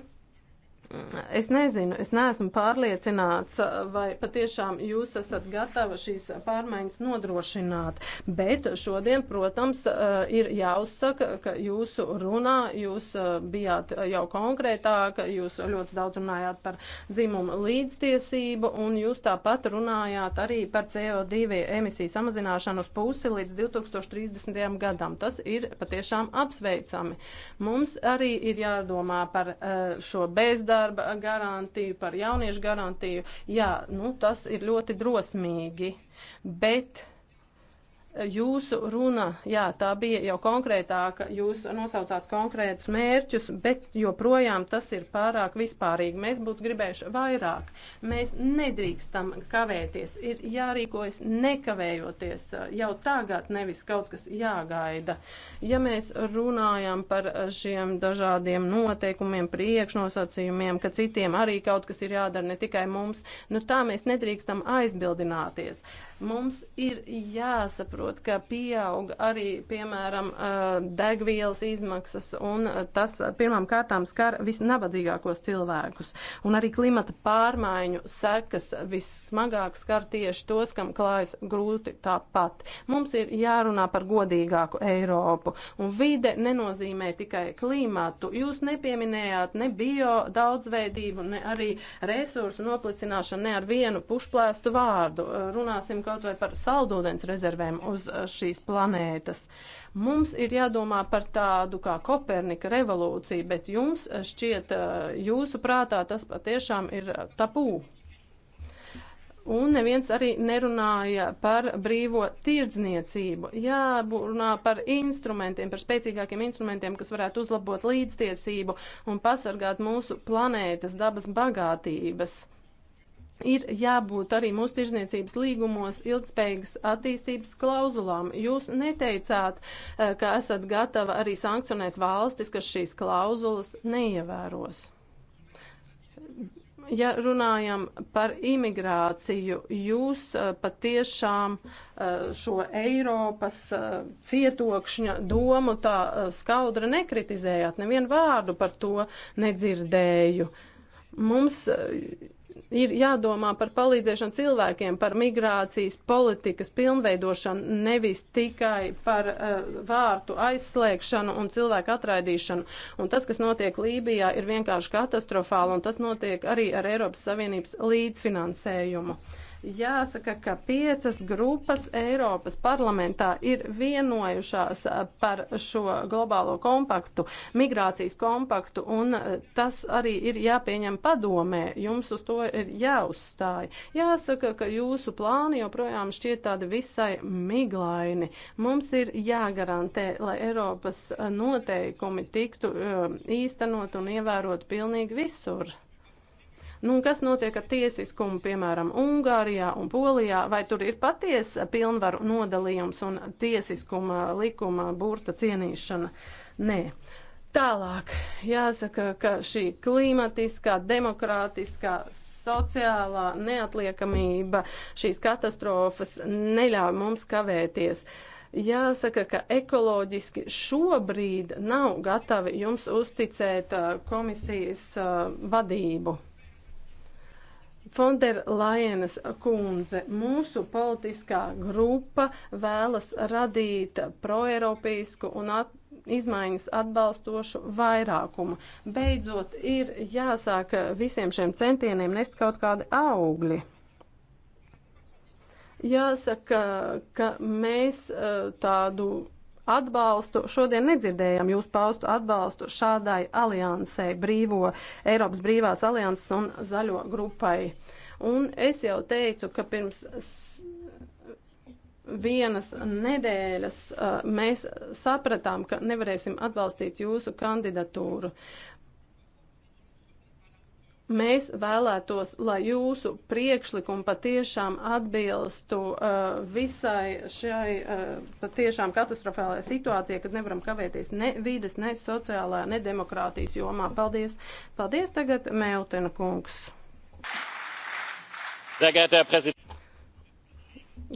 Es nezinu, es neesmu pārliecināts, vai patiešām jūs esat gatavi šīs pārmaiņas nodrošināt, bet šodien, protams, ir jāuzsaka, ka jūsu runā jūs bijāt jau konkrētāk, jūs ļoti daudz runājāt par dzimumu līdztiesību un jūs tāpat runājāt arī par CO2 emisiju samazināšanu uz pusi līdz 2030. gadam. Tas ir patiešām apsveicami. Mums arī ir jādomā par eh, šo bezdarbu bezdarba garantiju, par jauniešu garantiju. Jā, nu, tas ir ļoti drosmīgi, bet Jūsu runa, jā, tā bija jau konkrētāka, jūs nosaucāt konkrētus mērķus, bet joprojām tas ir pārāk vispārīgi. Mēs būtu gribējuši vairāk. Mēs nedrīkstam kavēties, ir jārīkojas nekavējoties jau tagad, nevis kaut kas jāgaida. Ja mēs runājam par šiem dažādiem noteikumiem, priekšnosacījumiem, ka citiem arī kaut kas ir jādara, ne tikai mums, nu tā mēs nedrīkstam aizbildināties. Mums ir jāsaprot, ka pieaug arī, piemēram, eh, degvielas izmaksas, un eh, tas eh, pirmām kārtām skar visnabadzīgākos cilvēkus. Un arī klimata pārmaiņu sekas vissmagāk skar tieši tos, kam klājas grūti tāpat. Mums ir jārunā par godīgāku Eiropu, un vide nenozīmē tikai klimatu. Jūs nepieminējāt ne bio daudzveidību, ne arī resursu noplicināšanu, ne ar vienu pušplēstu vārdu. Runāsim, kaut vai par saldūdens rezervēm uz eh, šīs planētas. Mums ir jādomā par tādu kā Kopernika revolūciju, bet jums eh, šķiet, eh, jūsu prātā tas patiešām ir tapū. Un neviens arī nerunāja par brīvo tirdzniecību. Jā, runā par instrumentiem, par spēcīgākiem instrumentiem, kas varētu uzlabot līdztiesību un pasargāt mūsu planētas dabas bagātības. Ir jābūt arī mūsu tirzniecības līgumos ilgspējīgas attīstības klauzulām. Jūs neteicāt, eh, ka esat gatava arī sankcionēt valstis, kas šīs klauzulas neievēros. Ja runājam par imigrāciju, jūs eh, patiešām eh, šo Eiropas cietokšņa domu tā skaudra nekritizējāt, nevienu vārdu par to nedzirdēju. Mums Ir jādomā par palīdzēšanu cilvēkiem, par migrācijas politikas pilnveidošanu, nevis tikai par uh, vārtu aizslēgšanu un cilvēku atraidīšanu. Un tas, kas notiek Lībijā, ir vienkārši katastrofāli, un tas notiek arī ar Eiropas Savienības līdzfinansējumu. Jāsaka, ka piecas grupas Eiropas parlamentā ir vienojušās eh, par šo globālo kompaktu, migrācijas kompaktu, un eh, tas arī ir jāpieņem padomē. Jums uz to ir jāuzstāj. Jāsaka, ka jūsu plāni joprojām šķiet tādi visai miglaini. Mums ir jāgarantē, lai Eiropas eh, noteikumi tiktu īstenot un ievērot pilnīgi visur. Nu, kas notiek ar tiesiskumu, piemēram, Ungārijā un Polijā? Vai tur ir patiesa pilnvaru nodalījums un tiesiskuma likuma burta cienīšana? Nē. Tālāk jāsaka, ka šī klimatiskā, demokrātiskā, sociālā neatliekamība, šīs katastrofas neļauj mums kavēties. Jāsaka, ka ekoloģiski šobrīd nav gatavi jums uzticēt komisijas vadību. Fonderlajenas kundze, mūsu politiskā grupa vēlas radīt proeiropeisku un at izmaiņas atbalstošu vairākumu. Beidzot, ir jāsāk visiem šiem centieniem nest kaut kādi augļi. Jāsaka, ka mēs e, tādu atbalstu. Šodien nedzirdējām jūs paustu atbalstu šādai aliansē, brīvo Eiropas brīvās alianses un zaļo grupai. Un es jau teicu, ka pirms vienas nedēļas mēs sapratām, ka nevarēsim atbalstīt jūsu kandidatūru. Mēs vēlētos, lai jūsu priekšlikumi patiešām atbilstu uh, visai šai uh, patiešām katastrofālajai situācijai, kad nevaram kavēties ne vides, ne sociālajā, ne demokrātijas jomā. Paldies! Paldies tagad, Meutena kungs! Thank you. Sehr geehrter Herr Präsident!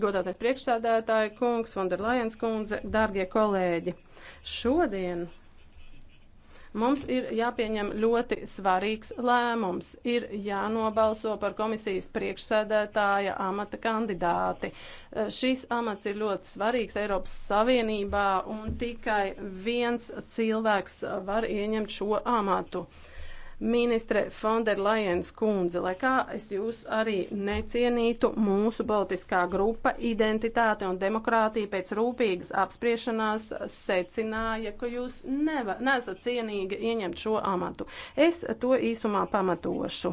Godātais priekšsēdētāji, kungs, Fonderlajens kundze, dārgie kolēģi, šodien mums ir jāpieņem ļoti svarīgs lēmums. Ir jānobalso par komisijas priekšsēdētāja amata kandidāti. Šis amats ir ļoti svarīgs Eiropas Savienībā un tikai viens cilvēks var ieņemt šo amatu. Uh, Ministre Fonderlajens kundze, lai kā es jūs arī necienītu, mūsu politiskā grupa identitāte un demokrātija pēc rūpīgas apspriešanās secināja, ka jūs neva, nesat cienīgi ieņemt šo amatu. Es to īsumā pamatošu.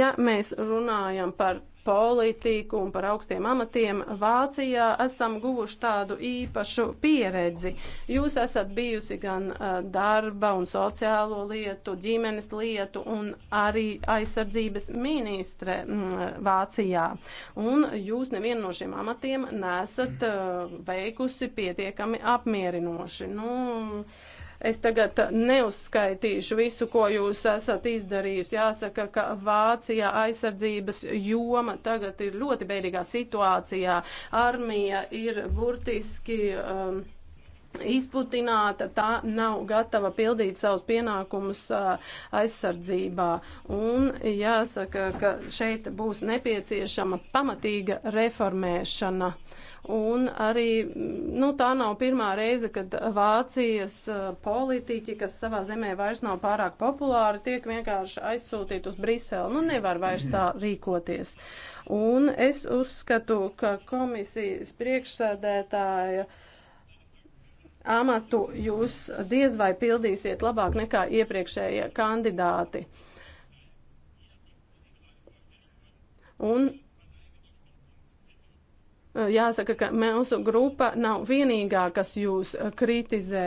Ja mēs runājam par politiku un par augstiem amatiem, Vācijā esam guvuši tādu īpašu pieredzi. Jūs esat bijusi gan darba un sociālo lietu, ģimenes lietu un arī aizsardzības ministre Vācijā. Un jūs nevienu no šiem amatiem nesat veikusi pietiekami apmierinoši. Nu, Es tagad neuzskaitīšu visu, ko jūs esat izdarījusi. Jāsaka, ka Vācijā aizsardzības joma tagad ir ļoti bēdīgā situācijā. Armija ir burtiski. Um, izputināta, tā nav gatava pildīt savus pienākumus uh, aizsardzībā. Un jāsaka, ka šeit būs nepieciešama pamatīga reformēšana. Uh, Un arī nu, tā nav pirmā reize, kad Vācijas uh, politiķi, kas savā zemē vairs nav pārāk populāri, tiek vienkārši aizsūtīti uz Briseli. Nu, nevar vairs tā rīkoties. Un es uzskatu, ka komisijas priekšsēdētāja amatu jūs diez vai pildīsiet labāk nekā iepriekšējie kandidāti. Un Eh, jāsaka, ka mūsu grupa nav vienīgā, kas jūs eh, kritizē.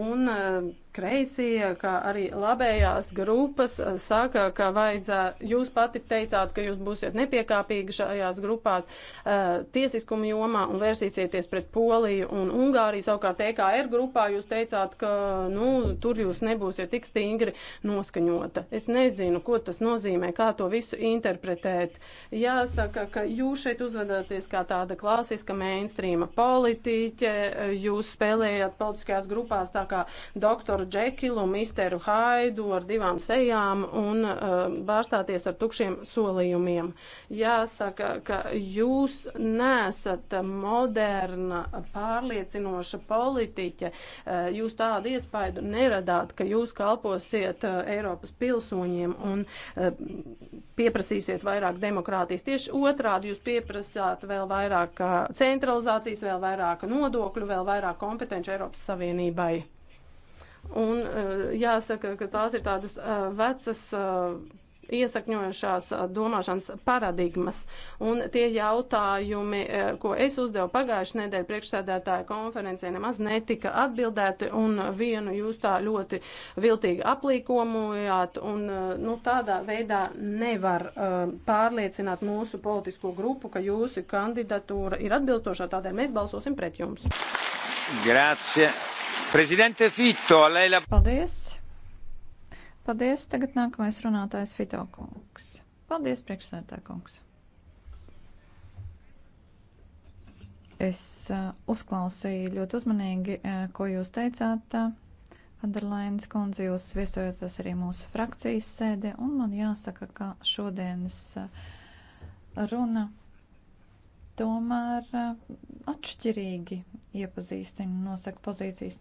Un, eh, kreisie, kā arī labējās grupas eh, saka, ka vajadzē, jūs pati teicāt, ka jūs būsiet nepiekāpīgi šajās grupās uh, tiesiskuma jomā un vērsīsieties pret Poliju un Ungāriju. Savukārt EKR grupā jūs teicāt, ka nu, tur jūs nebūsiet tik stingri noskaņota. Es nezinu, ko tas nozīmē, kā to visu interpretēt. Jāsaka, ka jūs šeit uzvedāties kā tāda klasiska mainstreama politiķe, eh, jūs spēlējat politiskajās grupās tā kā doktora Džekilu, misteru Haidu ar divām sejām un uh, bārstāties ar tukšiem solījumiem. Jāsaka, ka jūs nesat moderna, pārliecinoša politiķe. Uh, jūs tādu iespaidu neradāt, ka jūs kalposiet uh, Eiropas pilsoņiem un uh, pieprasīsiet vairāk demokrātijas. Tieši otrādi jūs pieprasāt vēl vairāk uh, centralizācijas, vēl vairāk nodokļu, vēl vairāk kompetenci Eiropas Savienībai. Un eh, jāsaka, ka tās ir tādas eh, vecas eh, iesakņojušās domāšanas paradigmas. Un tie jautājumi, ko es uzdevu pagājušajā nedēļā priekšsēdētāja konferencē, nemaz netika atbildēti, un vienu jūs tā ļoti viltīgi aplīkomojāt, un nu, tādā veidā nevar uh, pārliecināt mūsu politisko grupu, ka jūsu kandidatūra ir atbilstošā, tādēļ mēs balsosim pret jums. Grazie. Prezidente Fito, lei la... Paldies. Paldies. Tagad nākamais runātājs Fito kungs. Paldies, priekšsētā kungs. Es uh, uzklausīju ļoti uzmanīgi, uh, ko jūs teicāt. Uh, Anderlainas kundze, jūs viesojaties arī mūsu frakcijas sēdē, un man jāsaka, ka šodienas uh, runa tomēr uh, atšķirīgi iepazīstina un nosaka pozīcijas.